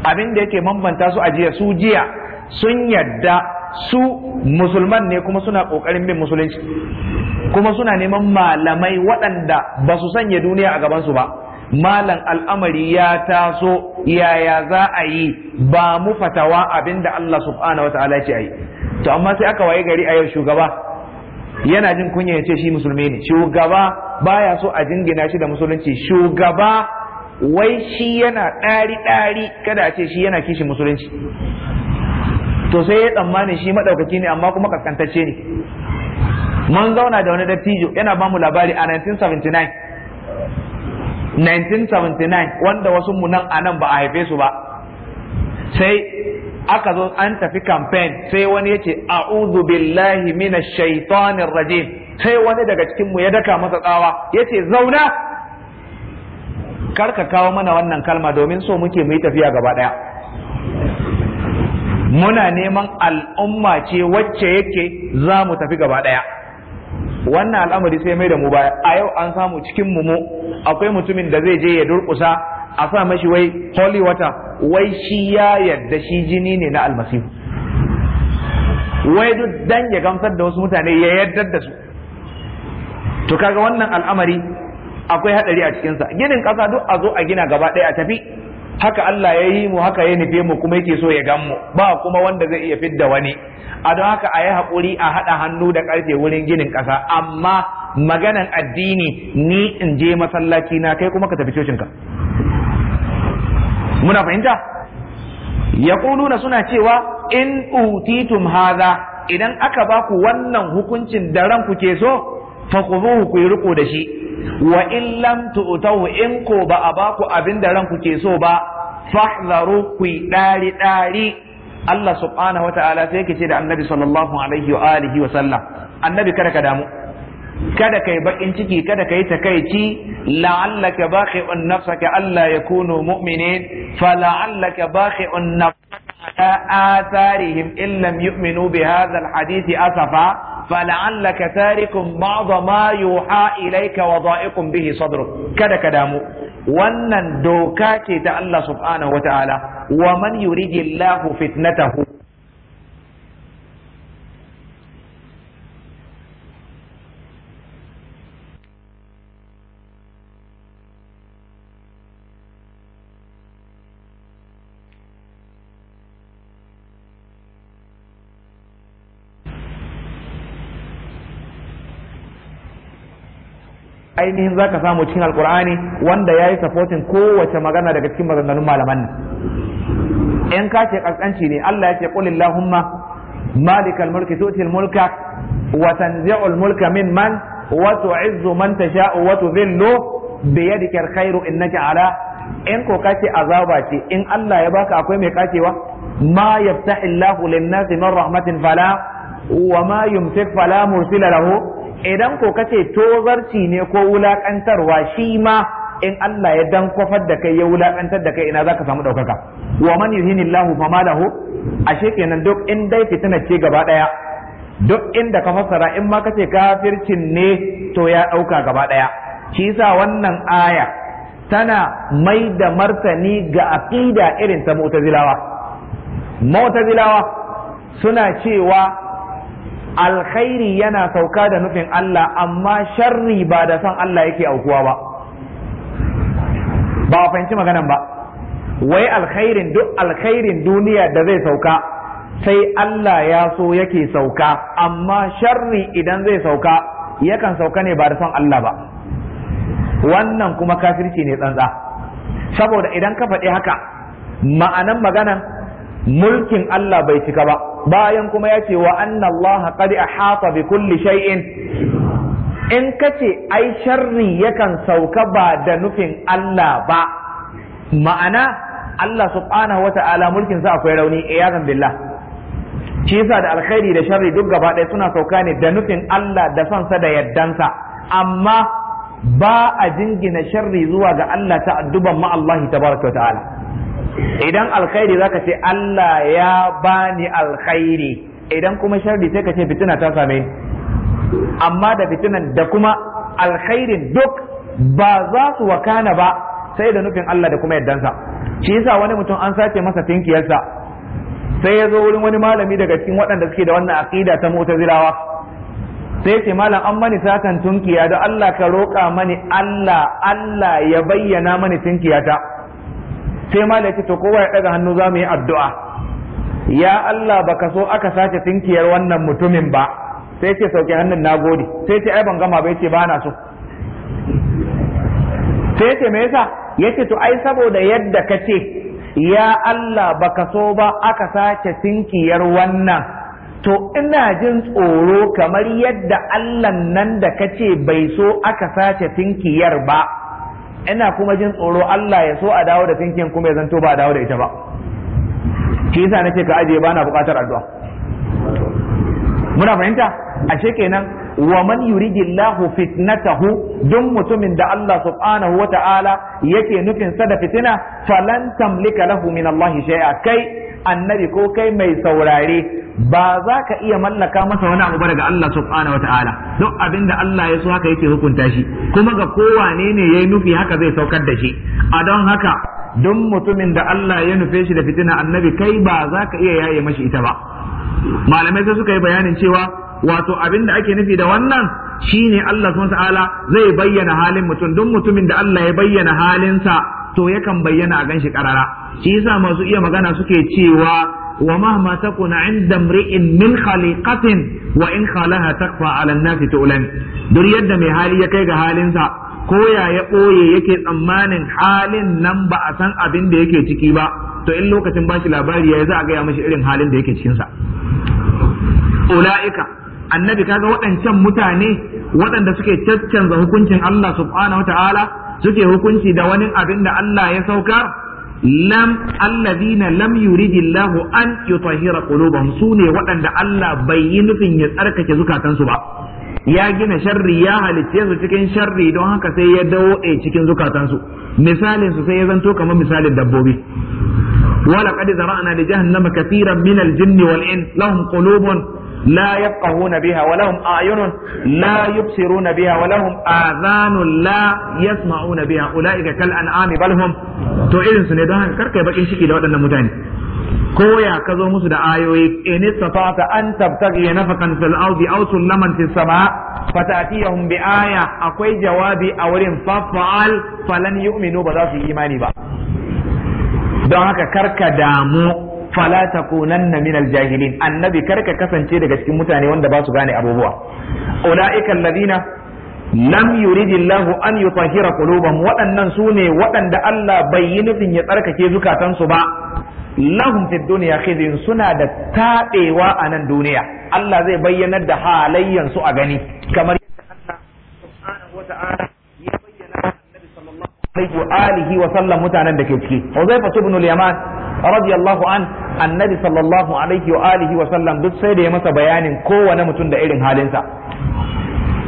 abin da yake bambanta su a jiya su jiya sun yadda su musulman ne kuma suna kokarin bin musulunci kuma suna neman malamai waɗanda ba su sanya duniya a gabansu ba malam al'amari ya taso yaya za a yi ba mu fatawa abinda Allah subhanahu wa ta'ala ce yi to amma sai aka waye gari a yau shugaba yana jin kunya ya ce shi musulmi ne shugaba baya so a jingina shi da musulunci shugaba wai shi yana ɗari ɗari kada a ce shi yana kishi musulunci to sai ya tsammani shi maɗaukaki ne amma kuma kaskantacce ne mun zauna da wani dattijo yana ba mu labari a 1979 1979 wanda wasu mu nan anan ba a haife su ba sai aka zo an tafi campaign sai wani yace a'udhu billahi minash shaitanir rajim sai wani daga cikin mu ya daka masa tsawa yace zauna karka kawo mana wannan kalma domin so muke mu yi tafiya gaba daya muna neman al'umma ce wacce yake za mu tafi gaba daya wannan al'amari sai mai da mu baya a yau an samu cikin mu akwai mutumin da zai je ya durkusa a sa mashi wai holy water wai shi ya yadda shi jini ne na almasihu wai duk dan ya gamsar da wasu mutane ya yarda da su to kaga wannan al'amari akwai hadari a cikinsa ginin ƙasa duk a zo a gina gaba ɗaya a tafi haka Allah ya yi mu haka ya nufe mu kuma yake so ya gan mu ba kuma wanda zai iya fidda wani a don haka a yi haƙuri a haɗa hannu da ƙarfe wurin ginin ƙasa amma maganan addini ni in je masallaci na kai kuma ka tafi cocinka muna fahimta ya ƙununa suna cewa in utitum haza idan aka baku wannan hukuncin da ranku ke so faquduhu ku riko da shi wa in lam tu'tahu in ko ba a baku abin da ranku ke so ba fahzaru ku dari dari Allah subhanahu wa ta'ala sai yake ce da annabi sallallahu alaihi wa wa sallam annabi kada ka damu kada kai bakin ciki kada kai takaici la'allaka baqi'un nafsaka alla yakunu mu'minin fa la'allaka baqi'un in yu'minu bi hadha alhadith asafa fala'allaka tarikum ba'd ma yuha ilayka wa da'iqun bihi sadruk kada ka damu wannan doka ce ta Allah subhanahu wa ta'ala wa man yuridillahu fitnatahu ainihin za ka samu cikin alkur'ani wanda ya yi supporting kowace magana daga cikin maganganun malaman nan in ka ce kaskanci ne Allah ya ce qul illahumma mulki tu'til mulka wa tanzi'ul mulka man wa tu'izzu man tasha'u wa tudhillu bi yadika alkhairu innaka ala in ko ka ce azaba ce in Allah ya baka akwai mai kacewa ma yaftahi Allahu lin-nasi min rahmatin fala wa ma yumsik fala mursila lahu idan ko kace tozarci ne ko wulakantarwa shi ma in Allah ya dan kofar da kai ya wulakantar da kai ina zaka samu daukaka wa man yuhinillahu fama lahu ashe kenan duk in dai fitina ce gaba daya duk inda ka fassara in ma kace kafircin ne to ya dauka gaba daya shi yasa wannan aya tana mai da martani ga aqida irin ta mu'tazilawa mu'tazilawa suna cewa alkhairi yana sauka da nufin Allah amma sharri ba da son Allah yake aukuwa ba ba a fahimci maganan ba wai alkhairin duk alkhairin duniya da zai sauka sai Allah ya so yake sauka amma sharri idan zai sauka yakan sauka ne ba da san Allah ba wannan kuma kafirci ne tsantsa saboda idan ka faɗi haka ma'anan maganan mulkin Allah bai cika ba bayan kuma ya ce wa anna Allah a hafa bi kulli shay'in in kace ai sharri yakan sauka ba da nufin Allah ba ma'ana Allah subhanahu wata'ala mulkin sa akwai rauni iyadan eh, billah shi yasa da alkhairi da sharri duk gaba ɗaya suna sauka ne da nufin Allah da sansa da yaddansa amma ba a jingina sharri zuwa ga Allah ta'adduban ma Allah tabaraka wa ta'ala idan alkhairi zaka ce Allah ya bani alkhairi idan kuma sharri sai ka ce fitina ta same ni amma da fitinan da kuma alkhairin duk ba za su wakana ba sai da nufin Allah da kuma yardansa shi yasa wani mutum an sace masa tinkiyarsa sai ya zo wurin wani malami daga cikin waɗanda suke da wannan aqida ta mu'tazilawa sai ya ce malam an mani satan tunkiya da Allah ka roƙa mani Allah Allah ya bayyana mani tinkiyata sai malai ce to kowa ya daga hannu za mu yi addu'a ya Allah baka so aka sace tinkiyar wannan mutumin ba sai ce sauke hannun na gode sai ce ai ban gama ba ce ba na so sai ce me yasa yace to ai saboda yadda ka ce ya Allah baka so ba aka sace tinkiyar wannan to ina jin tsoro kamar yadda Allah nan da kace bai so aka sace tinkiyar ba ina kuma jin tsoro Allah ya so a dawo da tinkin kuma ya zanto ba a dawo da ita ba shi yasa nake ka ajiye ba na buƙatar addu'a muna fahimta ashe kenan wa man Allahu fitnatahu don mutumin da Allah subhanahu wa ta'ala yake nufin sa da fitina falan tamlika lahu min Allah shay'a kai annabi ko kai mai saurare ba za ka iya mallaka masa wani abu daga Allah subhanahu wa ta'ala duk abinda Allah ya so haka yake hukunta shi kuma ga kowane ne yayi nufi haka zai saukar da shi a don haka don mutumin da Allah ya nufe shi da fitina annabi kai ba za ka iya yaye mashi ita ba malamai sai suka yi bayanin cewa wato abin da ake nufi da wannan shine Allah subhanahu ta'ala zai bayyana halin mutum duk mutumin da Allah ya bayyana halinsa to yakan bayyana a ganshi karara shi yasa masu iya magana suke cewa wa mahma takuna inda mri'in min khaliqatin wa in khalaha takfa ala an-nasi tu'lan duk yadda mai hali ya kai ga halinsa Koya ya ya ɓoye yake tsammanin halin nan ba a san abin da yake ciki ba to in lokacin ba shi labari ya za a gaya mashi irin halin da yake cikinsa ula'ika annabi kaga waɗancan mutane waɗanda suke caccanza hukuncin Allah subhanahu wata'ala suke hukunci da wani abin da Allah ya sauka lam alladhina lam yuridillahu an yutahhira qulubahum sune waɗanda Allah bai yi nufin ya tsarkake zukatansu ba ya gina sharri ya halicce su cikin sharri don haka sai ya dawo a cikin zukatansu misalin su sai ya zanto kamar misalin dabbobi wala qad zara'na li jahannam katiran min al-jinni wal in lahum qulubun la yafqahuna biha wa lahum a'yunun la yubsiruna biha wa lahum adhanun la yasma'una biha ulaika kal an'ami bal hum to irin su ne don haka karkai bakin ciki da waɗannan mutane koya ka zo musu da ayoyi in istata an tabtaghi nafaqan fil ardi aw sulaman fis samaa fatatiyahum bi aya akwai jawabi a wurin fa'al falan yu'minu ba za su yi imani ba don haka karka damu fala takunanna minal jahilin annabi karka kasance daga cikin mutane wanda ba su gane abubuwa ulaika alladhina lam yuridi Allah an yutahhira qulubahum waɗannan su ne waɗanda Allah bai yi nufin ya tsarkake zukatansu ba lahum fid dunya khizyun suna da tabewa a nan duniya Allah zai bayyanar da halayyan su a gani kamar Allah, ya bayyana alihi wa sallam mutanen da ke ciki Uzaifa ibn al-Yaman radiyallahu an annabi sallallahu alaihi wa alihi wa sallam duk sai da ya masa bayanin kowane mutum da irin halinsa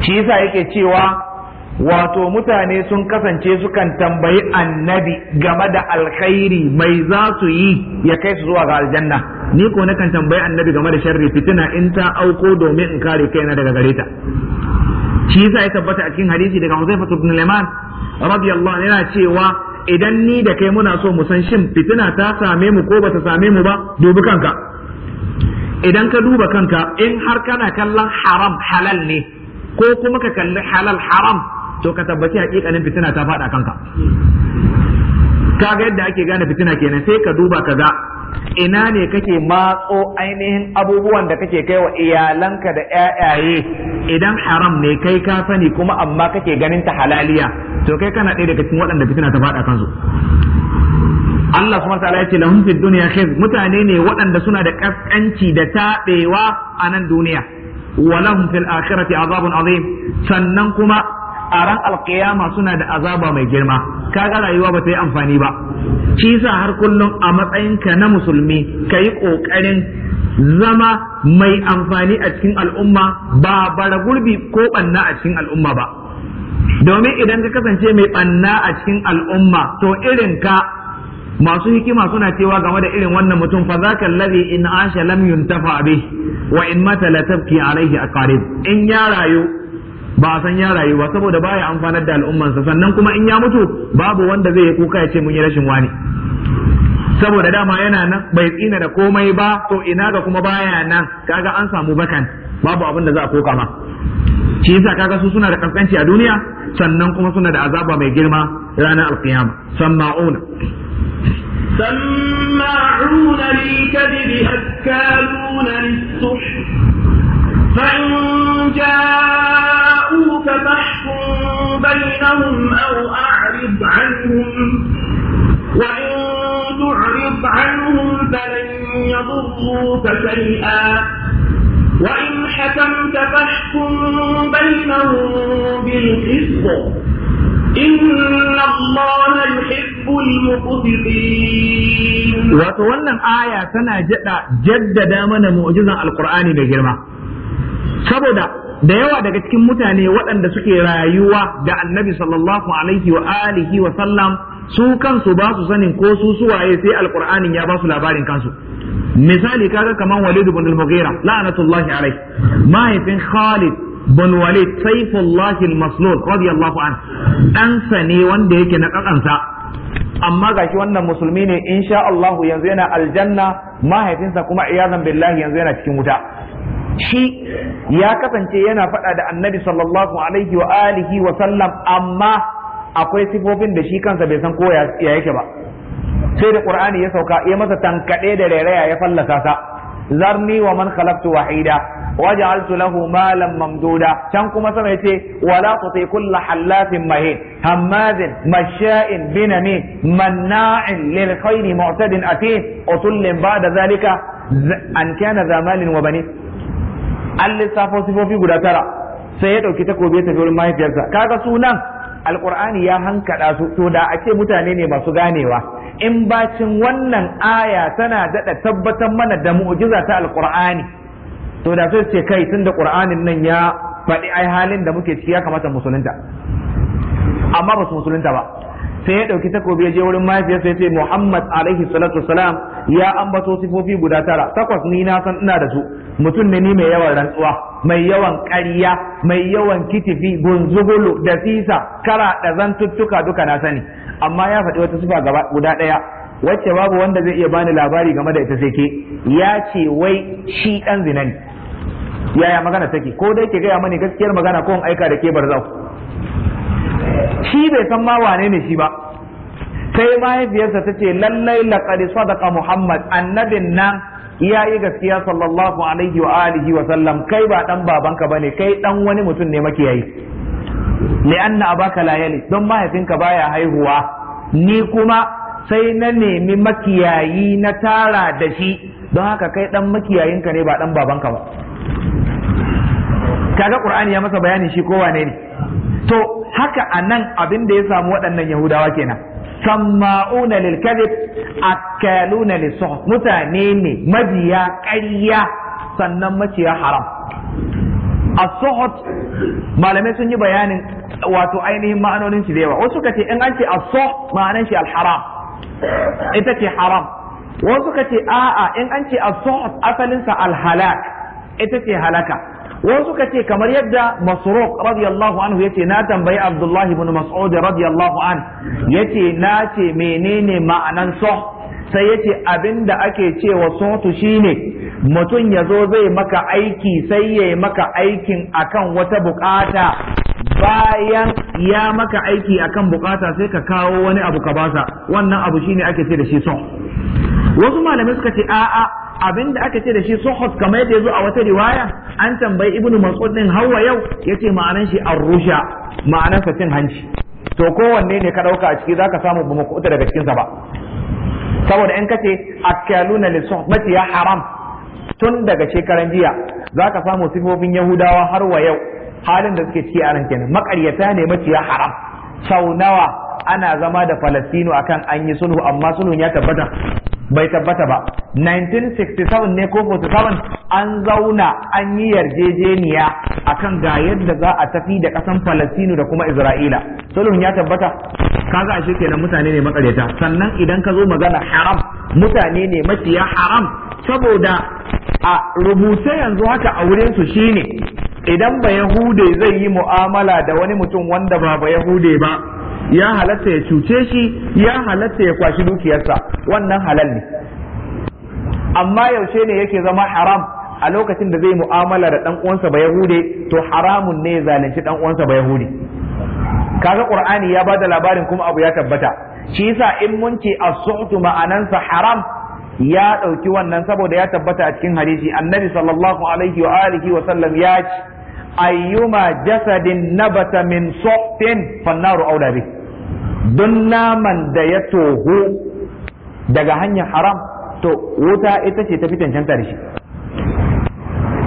shi yasa yake cewa wato mutane sun kasance sukan tambayi annabi game da alkhairi mai za su yi ya kai su zuwa ga aljanna ni ko nakan tambayi annabi game da sharri fitina in ta auko domin in kare kai na daga gare ta shi yasa ya tabbata a cikin hadisi daga Huzaifa ibn Liman radiyallahu anhu yana cewa idan ni da kai muna so mu san shin fitina ta same mu ko bata same mu ba dubi kanka idan ka duba kanka in har kana kallon haram halal ne ko kuma ka kalli halal haram to ka tabbaci hakikanin fitina ta faɗa kanka kaga yadda ake gane fitina kenan sai ka duba ka ga ina ne kake matso ainihin abubuwan da kake kai wa iyalanka da ƴaƴaye idan haram ne kai ka sani kuma amma kake ganin ta halaliya to kai kana ɗaya daga cikin waɗanda fitina ta faɗa kansu Allah subhanahu wataala yace lahum fid dunya khiz mutane ne waɗanda suna da kaskanci da tabewa a nan duniya wa lahum fil akhirati azabun azim sannan kuma a ran alkiyama suna da azaba mai girma kaga rayuwa ba ta yi amfani ba shi yasa har kullum a matsayinka na musulmi ka yi ƙoƙarin zama mai amfani a cikin al'umma ba bara gurbi ko ɓanna a cikin al'umma ba domin idan ka kasance mai ɓanna a cikin al'umma to irin ka masu hikima suna cewa game da irin wannan mutum fa zaka allazi in asha lam yuntafa bih wa in mata la tabki alayhi aqarib in ya rayu ba a san ya rayu ba saboda baya amfanar da al'ummansa sannan kuma in ya mutu babu wanda zai yi kuka ya ce mun yi rashin wani saboda dama yana nan bai tsina da komai ba to ina ga kuma baya nan kaga an samu bakan babu abin da za a koka ma shi yasa kaga su suna da kaskanci a duniya sannan kuma suna da azaba mai girma ranar alkiyama samma'una سماعون للكذب أكالون للسحر فإن جاء ربك فاحكم بينهم أو أعرض عنهم وإن تعرض عنهم فلن يضروك شيئا وإن حكمت فاحكم بينهم بالقسط إن الله يحب المقسطين wato wannan aya tana jaddada mana mu'jizan alqur'ani da girma saboda da yawa daga cikin mutane waɗanda suke rayuwa da annabi sallallahu alaihi wa alihi wa sallam su kansu ba su sanin ko su suwaye sai alqur'anin ya ba su labarin kansu misali kaga kaman walid ibn al-mughira la'natullahi alaihi mahaifin khalid bin walid saifullahi al-maslul radiyallahu an ɗansa ne wanda yake na kakansa amma gashi wannan musulmi ne insha Allah yanzu yana aljanna mahaifinsa kuma iyazan billahi yanzu yana cikin wuta shi ya kasance yana faɗa da annabi sallallahu alaihi wa alihi wa sallam amma akwai sifofin da shi kansa bai san ko ya yake ba sai da qur'ani ya sauka ya masa tankaɗe da rairaya ya fallasa sa zarni wa man khalaqtu wahida waja'altu lahu malan mamduda can kuma sama yace wala tuti kull hallatin mahin hammazin masha'in binami manna'in lil khairi mu'tadin atin utullin ba'da zalika an kana zamalin wa bani an lissafo sifofi guda tara sai ya ɗauki takobi ya tafi wurin mahaifiyarsa kaga sunan alkur'ani ya hankada su to da a ce mutane ne masu ganewa in bacin wannan aya tana daɗa tabbatar mana da mu'jiza ta alkur'ani to da sai ce kai tunda da qur'anin nan ya faɗi ai halin da muke ciki ya kamata musulunta amma ba su musulunta ba sai ya dauki takobi ya je wurin mahaifiyarsa ya ce Muhammad alaihi salatu wasalam ya ambato sifofi guda tara takwas ni na san ina da su mutum ne ni mai yawan rantsuwa mai yawan ƙarya mai yawan kitifi gunzugulu da sisa kara da zantuttuka duka na sani amma ya faɗi wata sifa gaba guda ɗaya wacce babu wanda zai iya bani labari game da ita sai ke ya ce wai shi ɗan zina ne yaya magana take ko dai ke gaya mani gaskiyar magana ko in aika da ke barzau shi bai san ma wane ne shi ba sai mahaifiyarsa ta ce lallai laƙari sadaka muhammad annabin nan ya yi gaskiya sallallahu alaihi wa alihi wa sallam kai ba dan babanka bane kai dan wani mutum ne makiyayi li'anna abaka la yali don mahaifinka baya haihuwa ni kuma sai na nemi makiyayi na tara da shi don haka kai dan makiyayinka ne ba dan babanka ba kaga qur'ani ya masa bayani shi ko wane ne to haka anan abin da ya samu waɗannan yahudawa kenan samma'una lil kadhib akaluna lisuh mutane ne mabiya ƙarya sannan maciya haram A suhut malamai sun yi bayanin wato ainihin ma'anonin shi da yawa wasu kace in an ce a so ma'anan shi al-haram ita ce haram wasu kace a'a in an ce a suhut asalinsa sa al-halak ita ce halaka wasu ka ce kamar yadda masruq radiyallahu anhu yace na tambayi abdullahi ibn mas'ud radiyallahu an yace na ce menene ma'anan so sai yace abinda ake cewa sotu shine mutum ya zo zai maka aiki sai ya maka aikin akan wata bukata bayan ya maka aiki akan bukata sai ka kawo wani abu ka basa wannan abu shine ake ce da shi son wasu malamai suka ce a'a Abin da aka ce da shi suhuf kamar yadda zo a wata riwaya an tambayi ibnu mas'ud din hawa yau yace ma'anan shi arusha ma'anar sa cin hanci to kowanne ne ka dauka a ciki zaka samu ba makuta daga cikin sa ba saboda in kace akaluna li suhbati ya haram tun daga shekaran jiya zaka samu sifofin yahudawa har wa yau halin da suke ciki a nan kenan makaryata ne maciya haram sau nawa ana zama da falastinu akan an yi sulhu amma sulhun ya tabbata bai tabbata ba 1967 ne ko 47 an zauna an yi yarjejeniya akan ga yadda za a tafi da kasan Falastinu da kuma Isra'ila sulhun ya tabbata kaga ashe kenan mutane ne makaryata sannan idan ka zo magana haram mutane ne maciya haram saboda a rubuce yanzu haka a wurin su shine idan ba yahude zai yi mu'amala da wani mutum wanda ba ba yahude ba ya halatta ya cuce shi ya halatta ya kwashi dukiyarsa wannan halal ne amma yaushe ne yake zama haram a lokacin da zai mu'amala da dan uwansa ba yahude to haramun ne ya zalunci dan uwansa ba yahude kaga qur'ani ya bada labarin kuma abu ya tabbata shi yasa in mun ce as-suhtu ma'anansa haram ya dauki wannan saboda ya tabbata a cikin hadisi annabi sallallahu alaihi wa alihi wa sallam ya ce ayyuma jasadin nabata min softin fannaru aula bi don naman da ya tohu daga hanyar haram to wuta ita ce ta fi da shi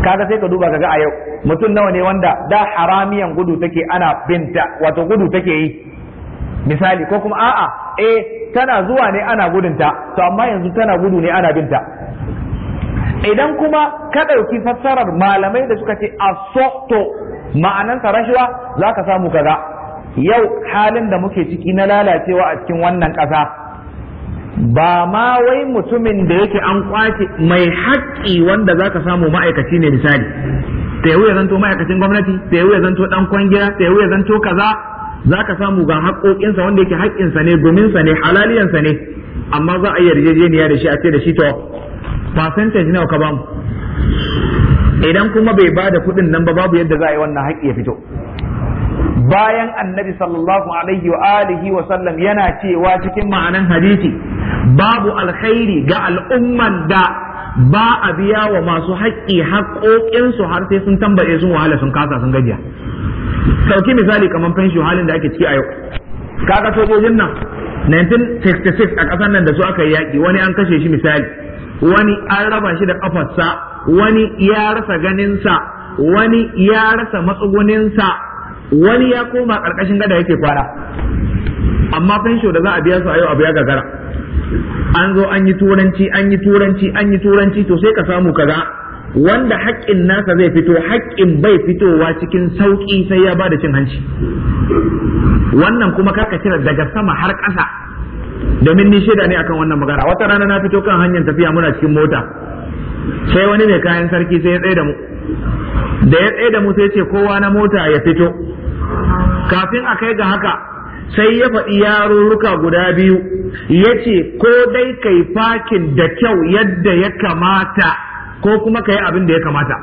kaga sai ka duba kaga a yau mutum nawa ne wanda da haramiyan gudu take ana binta wato gudu take yi misali ko kuma a'a eh tana zuwa ne ana gudunta to amma yanzu tana gudu ne ana binta idan kuma ka ɗauki fassarar malamai da suka ce a soto, ma'anansa rashawa za ka samu kaza yau halin da muke ciki na lalacewa a cikin wannan ƙasa ba ma wai mutumin da yake an kwace mai haƙƙi wanda za ka samu ma'aikaci ne misali ta ya zanto ma'aikacin gwamnati ta ya zanto ɗan kwangiya? ta ya zanto kaza za ka samu ga haƙoƙinsa wanda yake haƙƙinsa ne guminsa ne halaliyansa ne amma za a yi yarjejeniya da shi a ce da shi to percentage nawa ka bamu idan kuma bai ba da kuɗin nan ba babu yadda za a yi wannan haƙƙi ya fito bayan annabi sallallahu alaihi wa alihi wa sallam yana cewa cikin ma'anan hadisi babu alkhairi ga al'umman da ba a biya wa masu haƙƙi haƙoƙinsu har sai sun tambaye sun wahala sun kasa sun gajiya sauki misali kamar fenshi halin da ake ciki a yau kaga sojojin nan 1966 a ƙasar nan da su aka yi yaƙi wani an kashe shi misali wani an raba shi da ƙafarsa wani ya rasa ganinsa wani ya rasa matsuguninsa wani ya koma ƙarƙashin gada yake kwara amma fensho da za a biya su a yau abu ya gagara an zo an yi turanci an yi turanci an yi turanci to sai ka samu kaza wanda haƙƙin nasa zai fito haƙƙin bai fitowa cikin sauƙi sai ya ba da cin hanci wannan kuma kaka cire daga sama har ƙasa domin ni shaida ne akan wannan magana wata rana na fito kan hanyar tafiya muna cikin mota sai wani mai kayan sarki sai ya tsaye da mu da ya tsaye da mu sai ce kowa na mota ya fito kafin a kai ga haka sai ya faɗi yarurruka guda biyu ya ce ko dai kai fakin da kyau yadda ya kamata ko kuma ka yi abin da ya kamata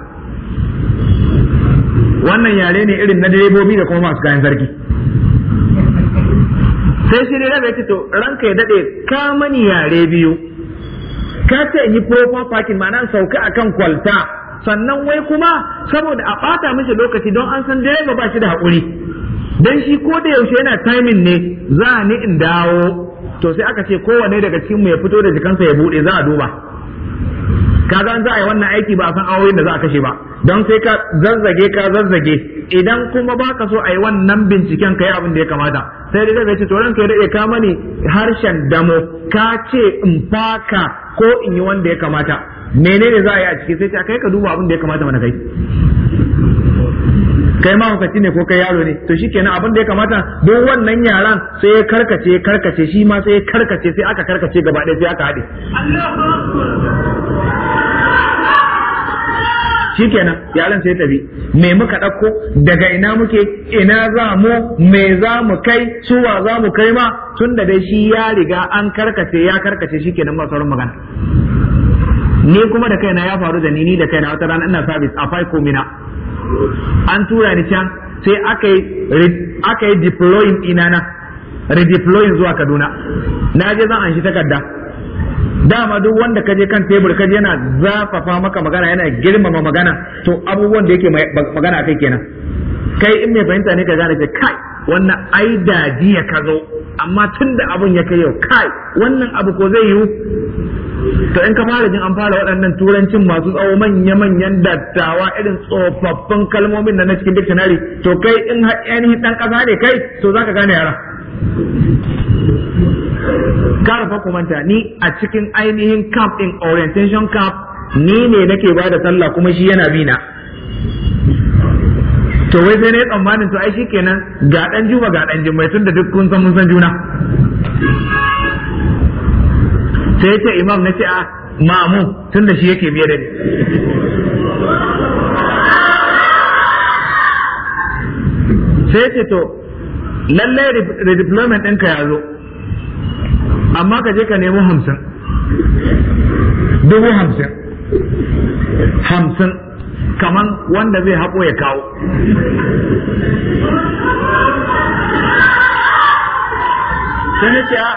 wannan yare ne irin na direbobi da kuma masu kayan sarki sai shi dai ya ce to ranka ya dade ka mani yare biyu ka ce yi proper parking ma'ana sauka akan kwalta sannan wai kuma saboda a bata mishi lokaci don an san direba ba shi da hakuri. dan shi ko da yaushe yana timing ne za ni in dawo to sai aka ce kowanne daga cikin mu ya fito da jikansa ya bude za a duba kaga an za a yi wannan aiki ba a san awoyin da za a kashe ba don sai ka zazzage ka zazzage idan kuma ba ka so a yi wannan binciken ka yi abin da ya kamata sai dai zai ce to ranka ya dade ka mani harshen damo ka ce in faka ko in yi wanda ya kamata menene za a yi a ciki sai ta kai ka duba abin da ya kamata mana kai kai ma hukaci ne ko kai yaro ne to shikenan abin da ya kamata duk wannan yaran sai ya karkace karkace shi ma sai ya karkace sai aka karkace gaba ɗaya sai aka haɗe shi shikenan yaran sai tafi me muka ɗauko daga ina muke ina za mu me za mu kai Su suwa za mu kai ma tun da dai shi ya riga an karkace ya karkace shikenan ba sauran magana ni kuma da kaina ya faru da ni ni da kaina wata rana ina service a faiko komina. an tura ni can sai aka yi aka yi deploying ina na redeploying zuwa Kaduna na je zan an shi takarda dama duk wanda kaje kan tebur kaje yana zafafa maka magana yana girmama magana to abubuwan da yake magana kai kenan kai in mai fahimta ne ka gane ce kai wannan ai dadiya ka zo amma tun abun ya kai yau kai wannan abu ko zai yiwu to in ka fara jin an fara waɗannan turancin masu tsawo manya-manyan dattawa irin tsofaffin kalmomin da na cikin dictionary to kai in ainihin ɗan ƙasa ne kai to zaka gane yara kar fa ku manta ni a cikin ainihin camp in orientation camp ni ne nake ba da sallah kuma shi yana bina to wai sai ne tsammanin to ai shikenan ga dan juba ga dan jimai tun da duk kun san mun san juna sai ce imam na a ah, mamu tun da shi yake biye da ni sai ce to lallai redeployment ɗinka ya zo amma ka je ka nemo hamsin dubu hamsin hamsin kaman wanda zai haƙo ya kawo sani ce ah,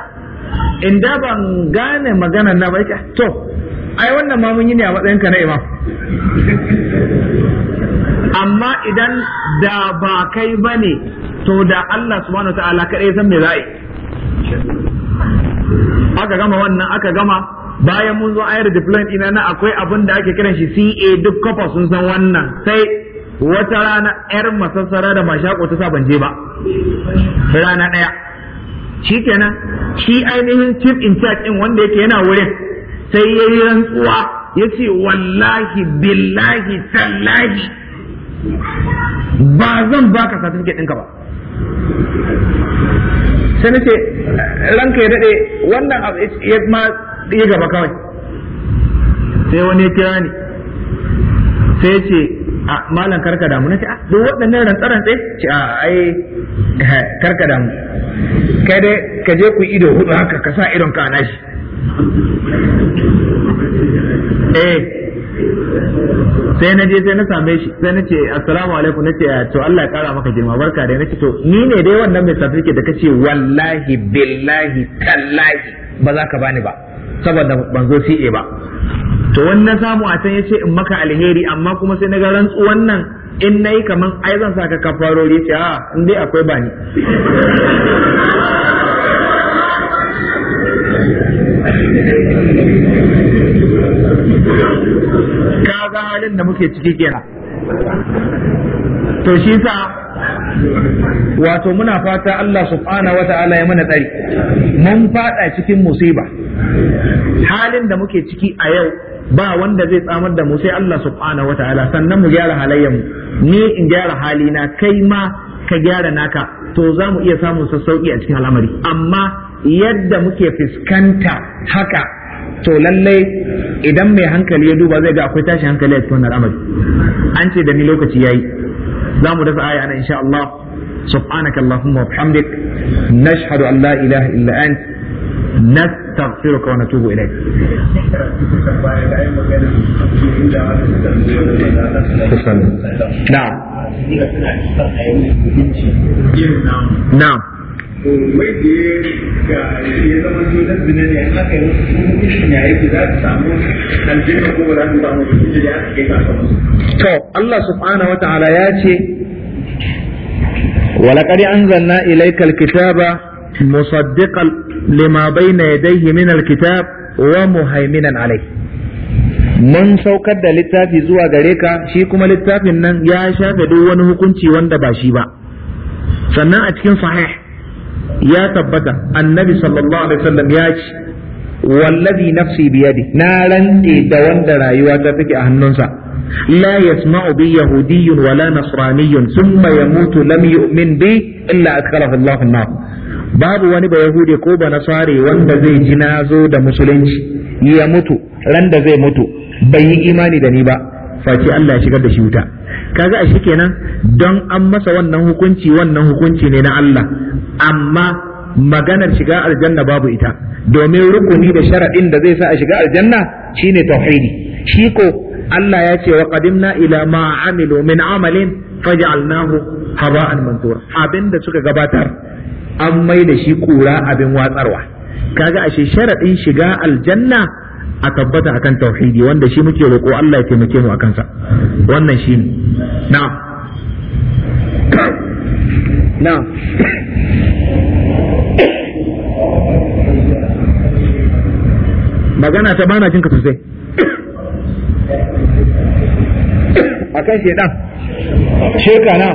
in da ban gane maganar na bai to ai wannan ma mun yi ne a matsayin ka na imam amma idan da ba kai bane to da Allah subhanahu wa ta'ala kaɗai san me za'i aka gama wannan aka gama bayan mun zo ayar diploma ina na akwai abin da ake kiran shi CA duk kafa sun san wannan sai wata rana yar masassara da mashako ta sa ban je ba rana daya shikenan shi ainihin chief in charge din wanda yake yana wurin sai yayi rantsuwa yace wallahi billahi tallahi ba zan baka certificate ɗinka ba sai na ce ranka ya daɗe wannan ya ma ya gaba kawai sai wani ya kira ni sai ya ce a malam karka damu na ce a ah, duk waɗannan rantsarantse ce a ai karka damu kai dai ka je ku ido hudu haka ka sa idon ka nashi eh sai na je sai na same shi sai na ce assalamu alaikum nace to Allah ya kara maka girma barka dai nace to ni ne dai wannan mai certificate da kace wallahi billahi tallahi ba za ka bani ba saboda ban zo CA ba to wannan samu a can yace in maka alheri amma kuma sai na ga rantsuwan nan in nayi kaman ai zan saka kafarori ce a ah, in dai akwai bani Ka ga halin da muke ciki kenan to shi sa wato muna fata Allah subhanahu wata'ala ya mana tsari mun fada cikin musiba halin da muke ciki a yau ba wanda zai tsamar da mu sai Allah subhanahu wata'ala sannan mu gyara halayyar ni in gyara halina kai ma ka gyara naka to za mu iya samun sassauƙi a cikin al'amari amma yadda muke fuskanta haka to lallai idan mai hankali ya duba zai ga akwai tashi hankali a cikin wannan al'amari an ce da ni lokaci yayi za mu dasa aya ana insha Allah subhanaka allahumma wa bihamdik nashhadu an la ilaha illa ant نستغفرك ونتوب إليك نعم نعم mai da ya ya zama junan zina ne haka yi mutum ya yi za ta samu ko ba za ta samu da ya aka kai to Allah subhanahu wa ta'ala ya ce ولقد أنزلنا إليك الكتاب مصدقا لما بين يديه من الكتاب ومهيمنا عليه mun saukar da littafi zuwa gare ka shi kuma littafin nan ya shafe duk wani hukunci wanda ba shi ba sannan a cikin sahih ya tabbata annabi sallallahu alaihi wasallam ya ce wallazi nafsi biyadi na rante da wanda rayuwa ta take a hannunsa la yasma'u bi yahudiyyun wala nasraniyyun thumma yamutu lam yu'min bi illa adkhalahu Allah an-nar babu wani ba Yahudi ko ba nasare wanda zai ji na zo da musulunci ya mutu ran da zai mutu bai yi imani da ni ba face Allah ya shigar da shi wuta kaga a kenan don an masa wannan hukunci wannan hukunci ne na Allah amma maganar shiga aljanna babu ita domin rukuni da sharaɗin da zai sa a shiga aljanna shine tauhidi shi ko Allah ya ce wa qadimna ila ma amilu min amalin faj'alnahu haba'an mantura abinda suka gabatar an mai da shi kura abin watsarwa kaga ashe sharaɗin shiga aljanna a tabbata akan tauhidi wanda shi muke roƙo Allah ya taimake mu akan sa wannan shi ne Na. na magana ta bana jinka sosai akan shedan shirka na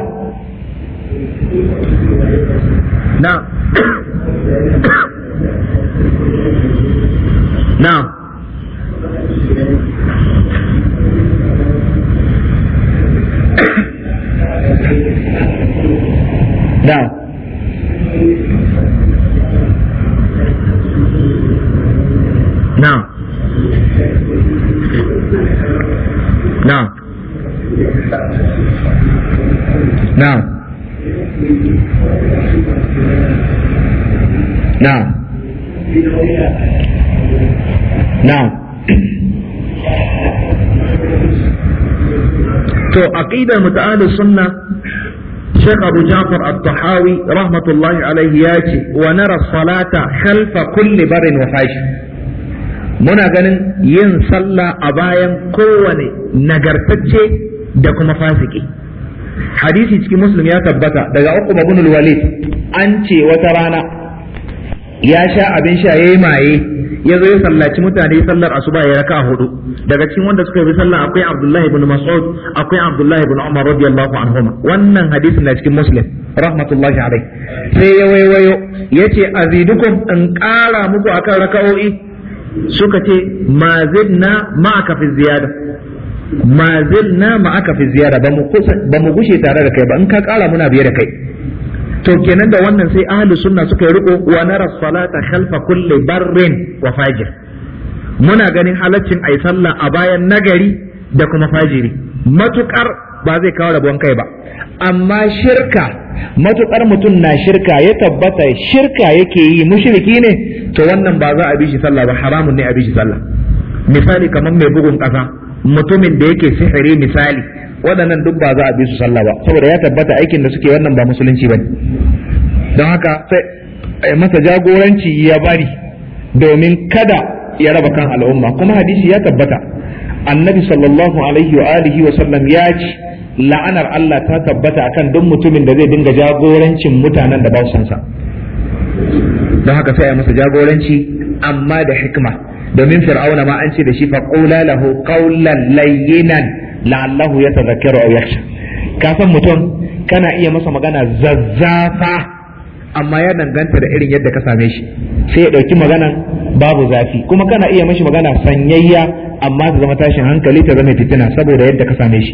na na now now now now now now to aqidar mu sunna Sheikh Abu Ja'far At-Tahawi rahmatullahi alaihi ya ce wa nara salata khalfa kulli barin wa fashi muna ganin yin sallah a bayan kowane nagartacce da kuma fasiki hadisi cikin muslim ya tabbata daga uku ibn walid an ce wata rana ya sha abin sha yayi maye ya zo ya sallaci mutane sallar asuba ya raka hudu daga cikin wanda suka yi sallah akwai Abdullah ibn Mas'ud akwai Abdullah ibn Umar radiyallahu anhu wannan hadisi na cikin Muslim rahmatullahi alaihi sai ya wayo yace azidukum in kara muku akan raka'o'i suka ce ma zidna ma'aka fi ziyada ma ma'aka fi ziyada ba mu gushe tare da kai ba in ka kara muna biye da kai to kenan da wannan sai ahli sunna suka yi riko wa nara salata khalfa kulli barrin wa fajir muna ganin halaccin ay sallah a bayan nagari da kuma fajiri matukar ba zai kawo rabon kai ba amma shirka matukar mutum na shirka ya tabbata shirka yake yi mushriki ne to wannan ba za a bi shi sallah ba haramun ne a bi shi sallah misali kamar mai bugun kasa mutumin da yake sihiri misali waɗannan duk ba za a bi su sallah ba saboda ya tabbata aikin da suke wannan ba musulunci ba don haka sai masa jagoranci ya bari domin kada ya raba kan al'umma kuma hadisi ya tabbata annabi sallallahu alaihi wa alihi wa sallam ya ci la'anar Allah ta tabbata akan duk mutumin da zai dinga jagorancin mutanen da ba su sa don haka sai ya masa jagoranci amma da hikma domin fir'auna ma an ce da shi faqula lahu qawlan layyinan la'allahu ya tazakkaru aw yakhsha ka san mutum kana iya masa magana zazzafa amma ya danganta da irin yadda ka same shi sai ya dauki magana babu zafi kuma kana iya mashi magana sanyayya amma ta zama tashin hankali ta zama fitina saboda yadda ka same shi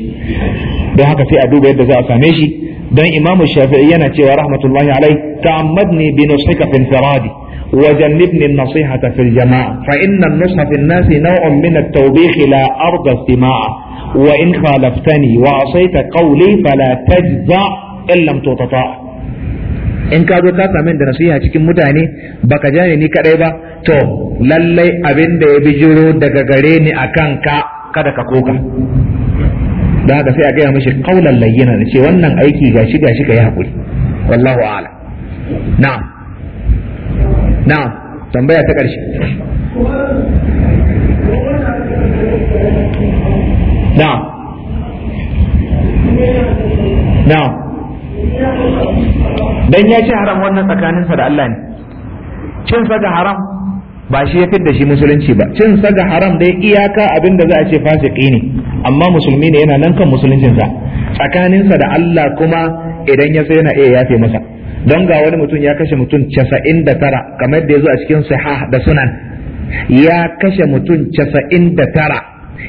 don haka sai a duba yadda za a same shi don imamu shafi'i yana cewa rahmatullahi alai ta'ammadni bi nusrika kafin faradi وجنبني النصيحة في الجماعة فإن النصح في الناس نوع من التوبيخ لا أرض استماع وإن خالفتني وعصيت قولي فلا تجزع إن لم تطاع إن كادو كافة من نصيحة كم متعني بك جاني نكريبا تو للي أبند بجرو دقاريني أكان كا كذا كوكا da haka sai a gaya mashi kaunan layyana da ce wannan aiki ga shi ga shi ka yi haƙuri wallahu a'ala na'am na'am tambaya ta ƙarshe na'am na'am dan ya ce haram wannan tsakaninsa da Allah ne cin saga haram ba shi ya fi da shi musulunci ba cin saga haram dai iyaka abin da za a ce fasiki ne amma musulmi ne yana nan kan musuluncinsa tsakaninsa da Allah kuma idan ya so yana iya yafe masa don ga wani mutum ya kashe mutum casa'in da tara kamar da ya zo a cikin sahih da sunan ya kashe mutum casa'in da tara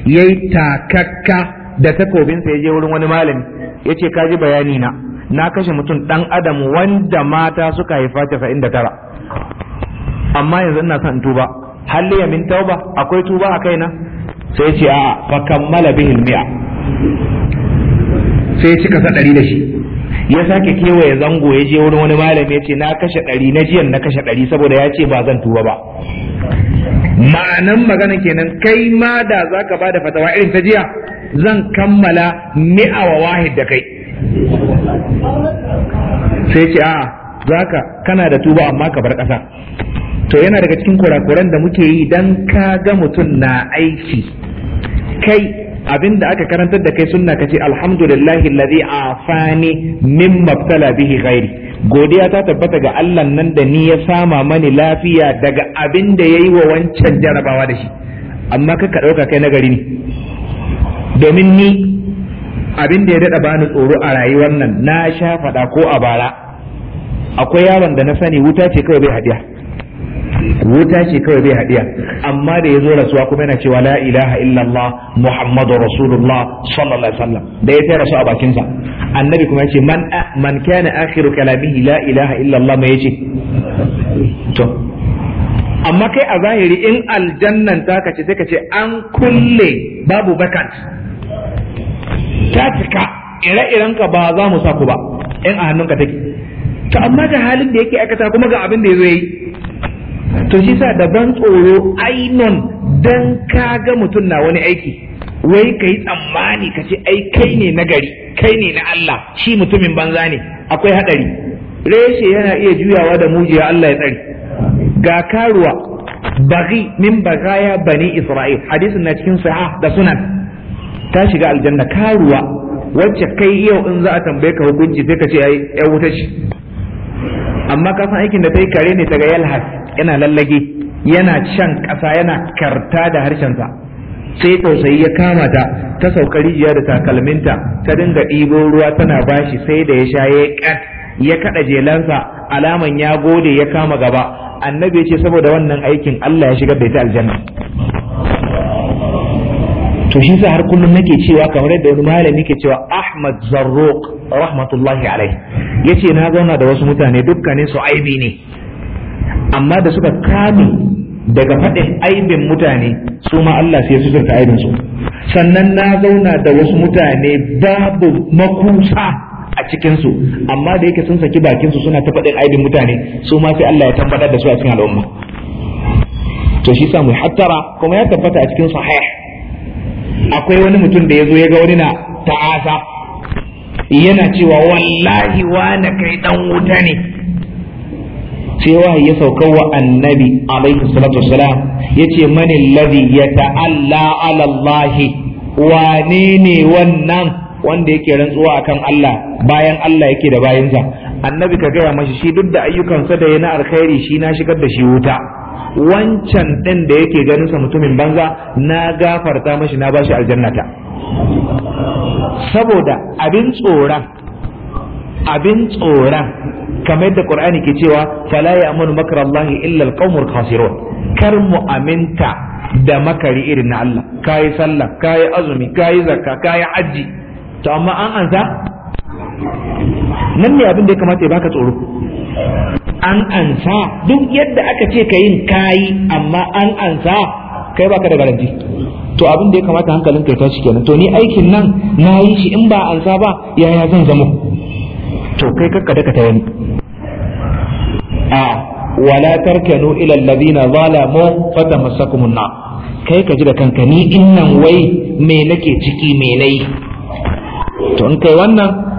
ya yi takakka da takobinsa ya je wurin wani malami ya ce kaji bayani na na kashe mutum dan adam wanda mata suka haifa casa'in da tara amma yanzu ina son tuba halli ya min tauba akwai tuba a kaina sai ce a fa kammala bihil mi'a sai ya cika sa ɗari da shi ya sake kewaye zango ya je wurin wani malami ya ce na kashe ɗari na jiyan na kashe ɗari saboda ya ce ba zan tuba ba ma'anan magana kenan kai ma da za ka ba da fatawa irin ta jiya zan kammala mi'a wa wahid da kai sai ce a ka kana da tuba amma ka bar ƙasa to yana daga cikin kurakuran da muke yi dan ka ga mutum na aiki kai abinda aka karantar da kai sunna kace alhamdulillahi alladhi afani mimma btala bihi ghairi godiya ta tabbata ga Allah nan da ni ya sama mani lafiya daga abin da yayi wa wancan jarabawa da shi amma ka dauka kai nagari ne domin ni abin da ya dada bani tsoro a rayuwar nan na sha fada ko a bara akwai yaron da na sani wuta ce kawai bai hadiya wuta ce kawai bai hadiya amma da ya zo rasuwa kuma yana cewa la ilaha illallah muhammadu rasulullah sallallahu alaihi wasallam da ya tayar rasu a bakinsa. annabi kuma yace man man kana akhiru kalamihi la ilaha illallah mai yace to amma kai a zahiri in aljannan ta kace sai kace an kulle babu bakat ta cika ire-iren ka ba za mu sa ku ba in a hannunka take to amma ga halin da yake aikata kuma ga abin da ya zo to shi sa da ban tsoro ainon dan ka ga mutum na wani aiki wai ka yi tsammani ka ce ai kai ne na gari kai ne na Allah shi mutumin banza ne akwai hadari reshe yana iya juyawa da mujiya Allah ya tsari ga karuwa bagi min bagaya bani isra'il hadisin na cikin sahih da sunan ta shiga aljanna karuwa wacce kai yau in za a tambaye ka hukunci sai ka ce ai wuta ce amma ka san aikin da ta yi kare ne daga yalhas yana lallage yana shan ƙasa yana karta da harshensa sai tausayi ya kama ta ta sauka rijiya da takalminta ta dinga ɗibo ruwa tana bashi sai da ya sha ya kat ya kaɗa jelansa alaman ya gode ya kama gaba annabi ya ce saboda wannan aikin Allah ya shiga da ita aljanna to shi sa har kullum nake cewa kamar yadda wani malami ke cewa Ahmad Zarruq rahmatullahi alai yace na zauna da wasu mutane dukkanin su aibi ne amma da suka kame daga faɗin aibin mutane su ma Allah sai su surta aibin su sannan na zauna da wasu mutane babu makusa a su. amma da yake sun saki bakinsu suna ta faɗin aibin mutane su ma sai Allah ya tabbatar da su a cikin al'umma to shi sa mu hattara kuma ya tabbata a cikin sahih akwai wani mutum da ya zo ya ga wani na ta'asa yana cewa wallahi wa na kai dan wuta ne cewa ya sauka wa annabi alaihi salatu wassalam yace mani ladhi ta'alla ala Allah wane ne wannan wanda yake rantsuwa akan Allah bayan Allah yake da bayansa annabi ka gaya mashi shi duk da ayyukansa da yana alkhairi shi na shigar da shi wuta wancan ɗin da yake ganin sa mutumin banza na gafarta mashi na bashi aljannata saboda abin tsoron abin tsoron kamar yadda qur'ani ke cewa fala ya'manu makrallahi illa alqawmul khasirun kar mu aminta da makari irin na Allah kai sallah kai azumi kai zakka kai hajji to amma an ansa nan ne abin da ya kamata ya baka tsoro an ansa duk yadda aka ce ka yin kayi amma an ansa kai baka da garanti to abin da ya kamata hankalin kai tashi kenan to ni aikin nan na yi shi in ba ansa ba yaya zan zama to kai kakka daka ta wani a wala tarkanu ila alladhina zalamu fatamassakumun nar kai ka ji da kanka ni in nan wai me nake ciki me nayi to in kai wannan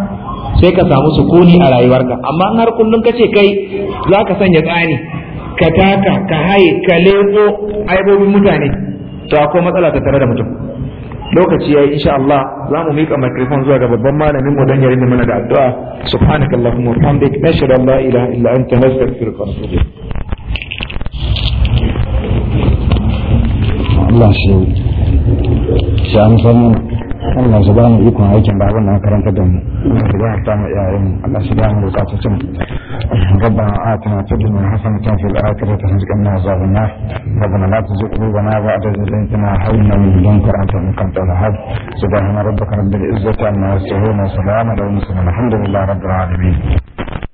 sai ka samu sukuni a rayuwarka amma in har kullum ka ce kai za ka sanya tsani ka taka ka haye ka lebo aibobin mutane to akwai matsala ta tare da mutum lokaci yayi insha Allah za mu mika microphone zuwa ga babban malamin mu dan yarin mana da addu'a subhanakallahu wa bihamdika ashhadu an la ilaha illa anta astaghfiruka wa Allah shi Allah su ba mu ikon aikin babu na karanta da mu. Ya ta mu yayin Allah su ba mu da tsata cin. Rabbana atina fid dunya hasanatan fil akhirati hasanatan wa qina Rabbana la tuzigh qulubana ba'da idh hadaytana wa hab lana min ladunka rahmatan innaka antal wahhab. Subhana rabbika rabbil izzati amma yasifun wa salamun ala al mursalin. Alhamdulillahi rabbil alamin.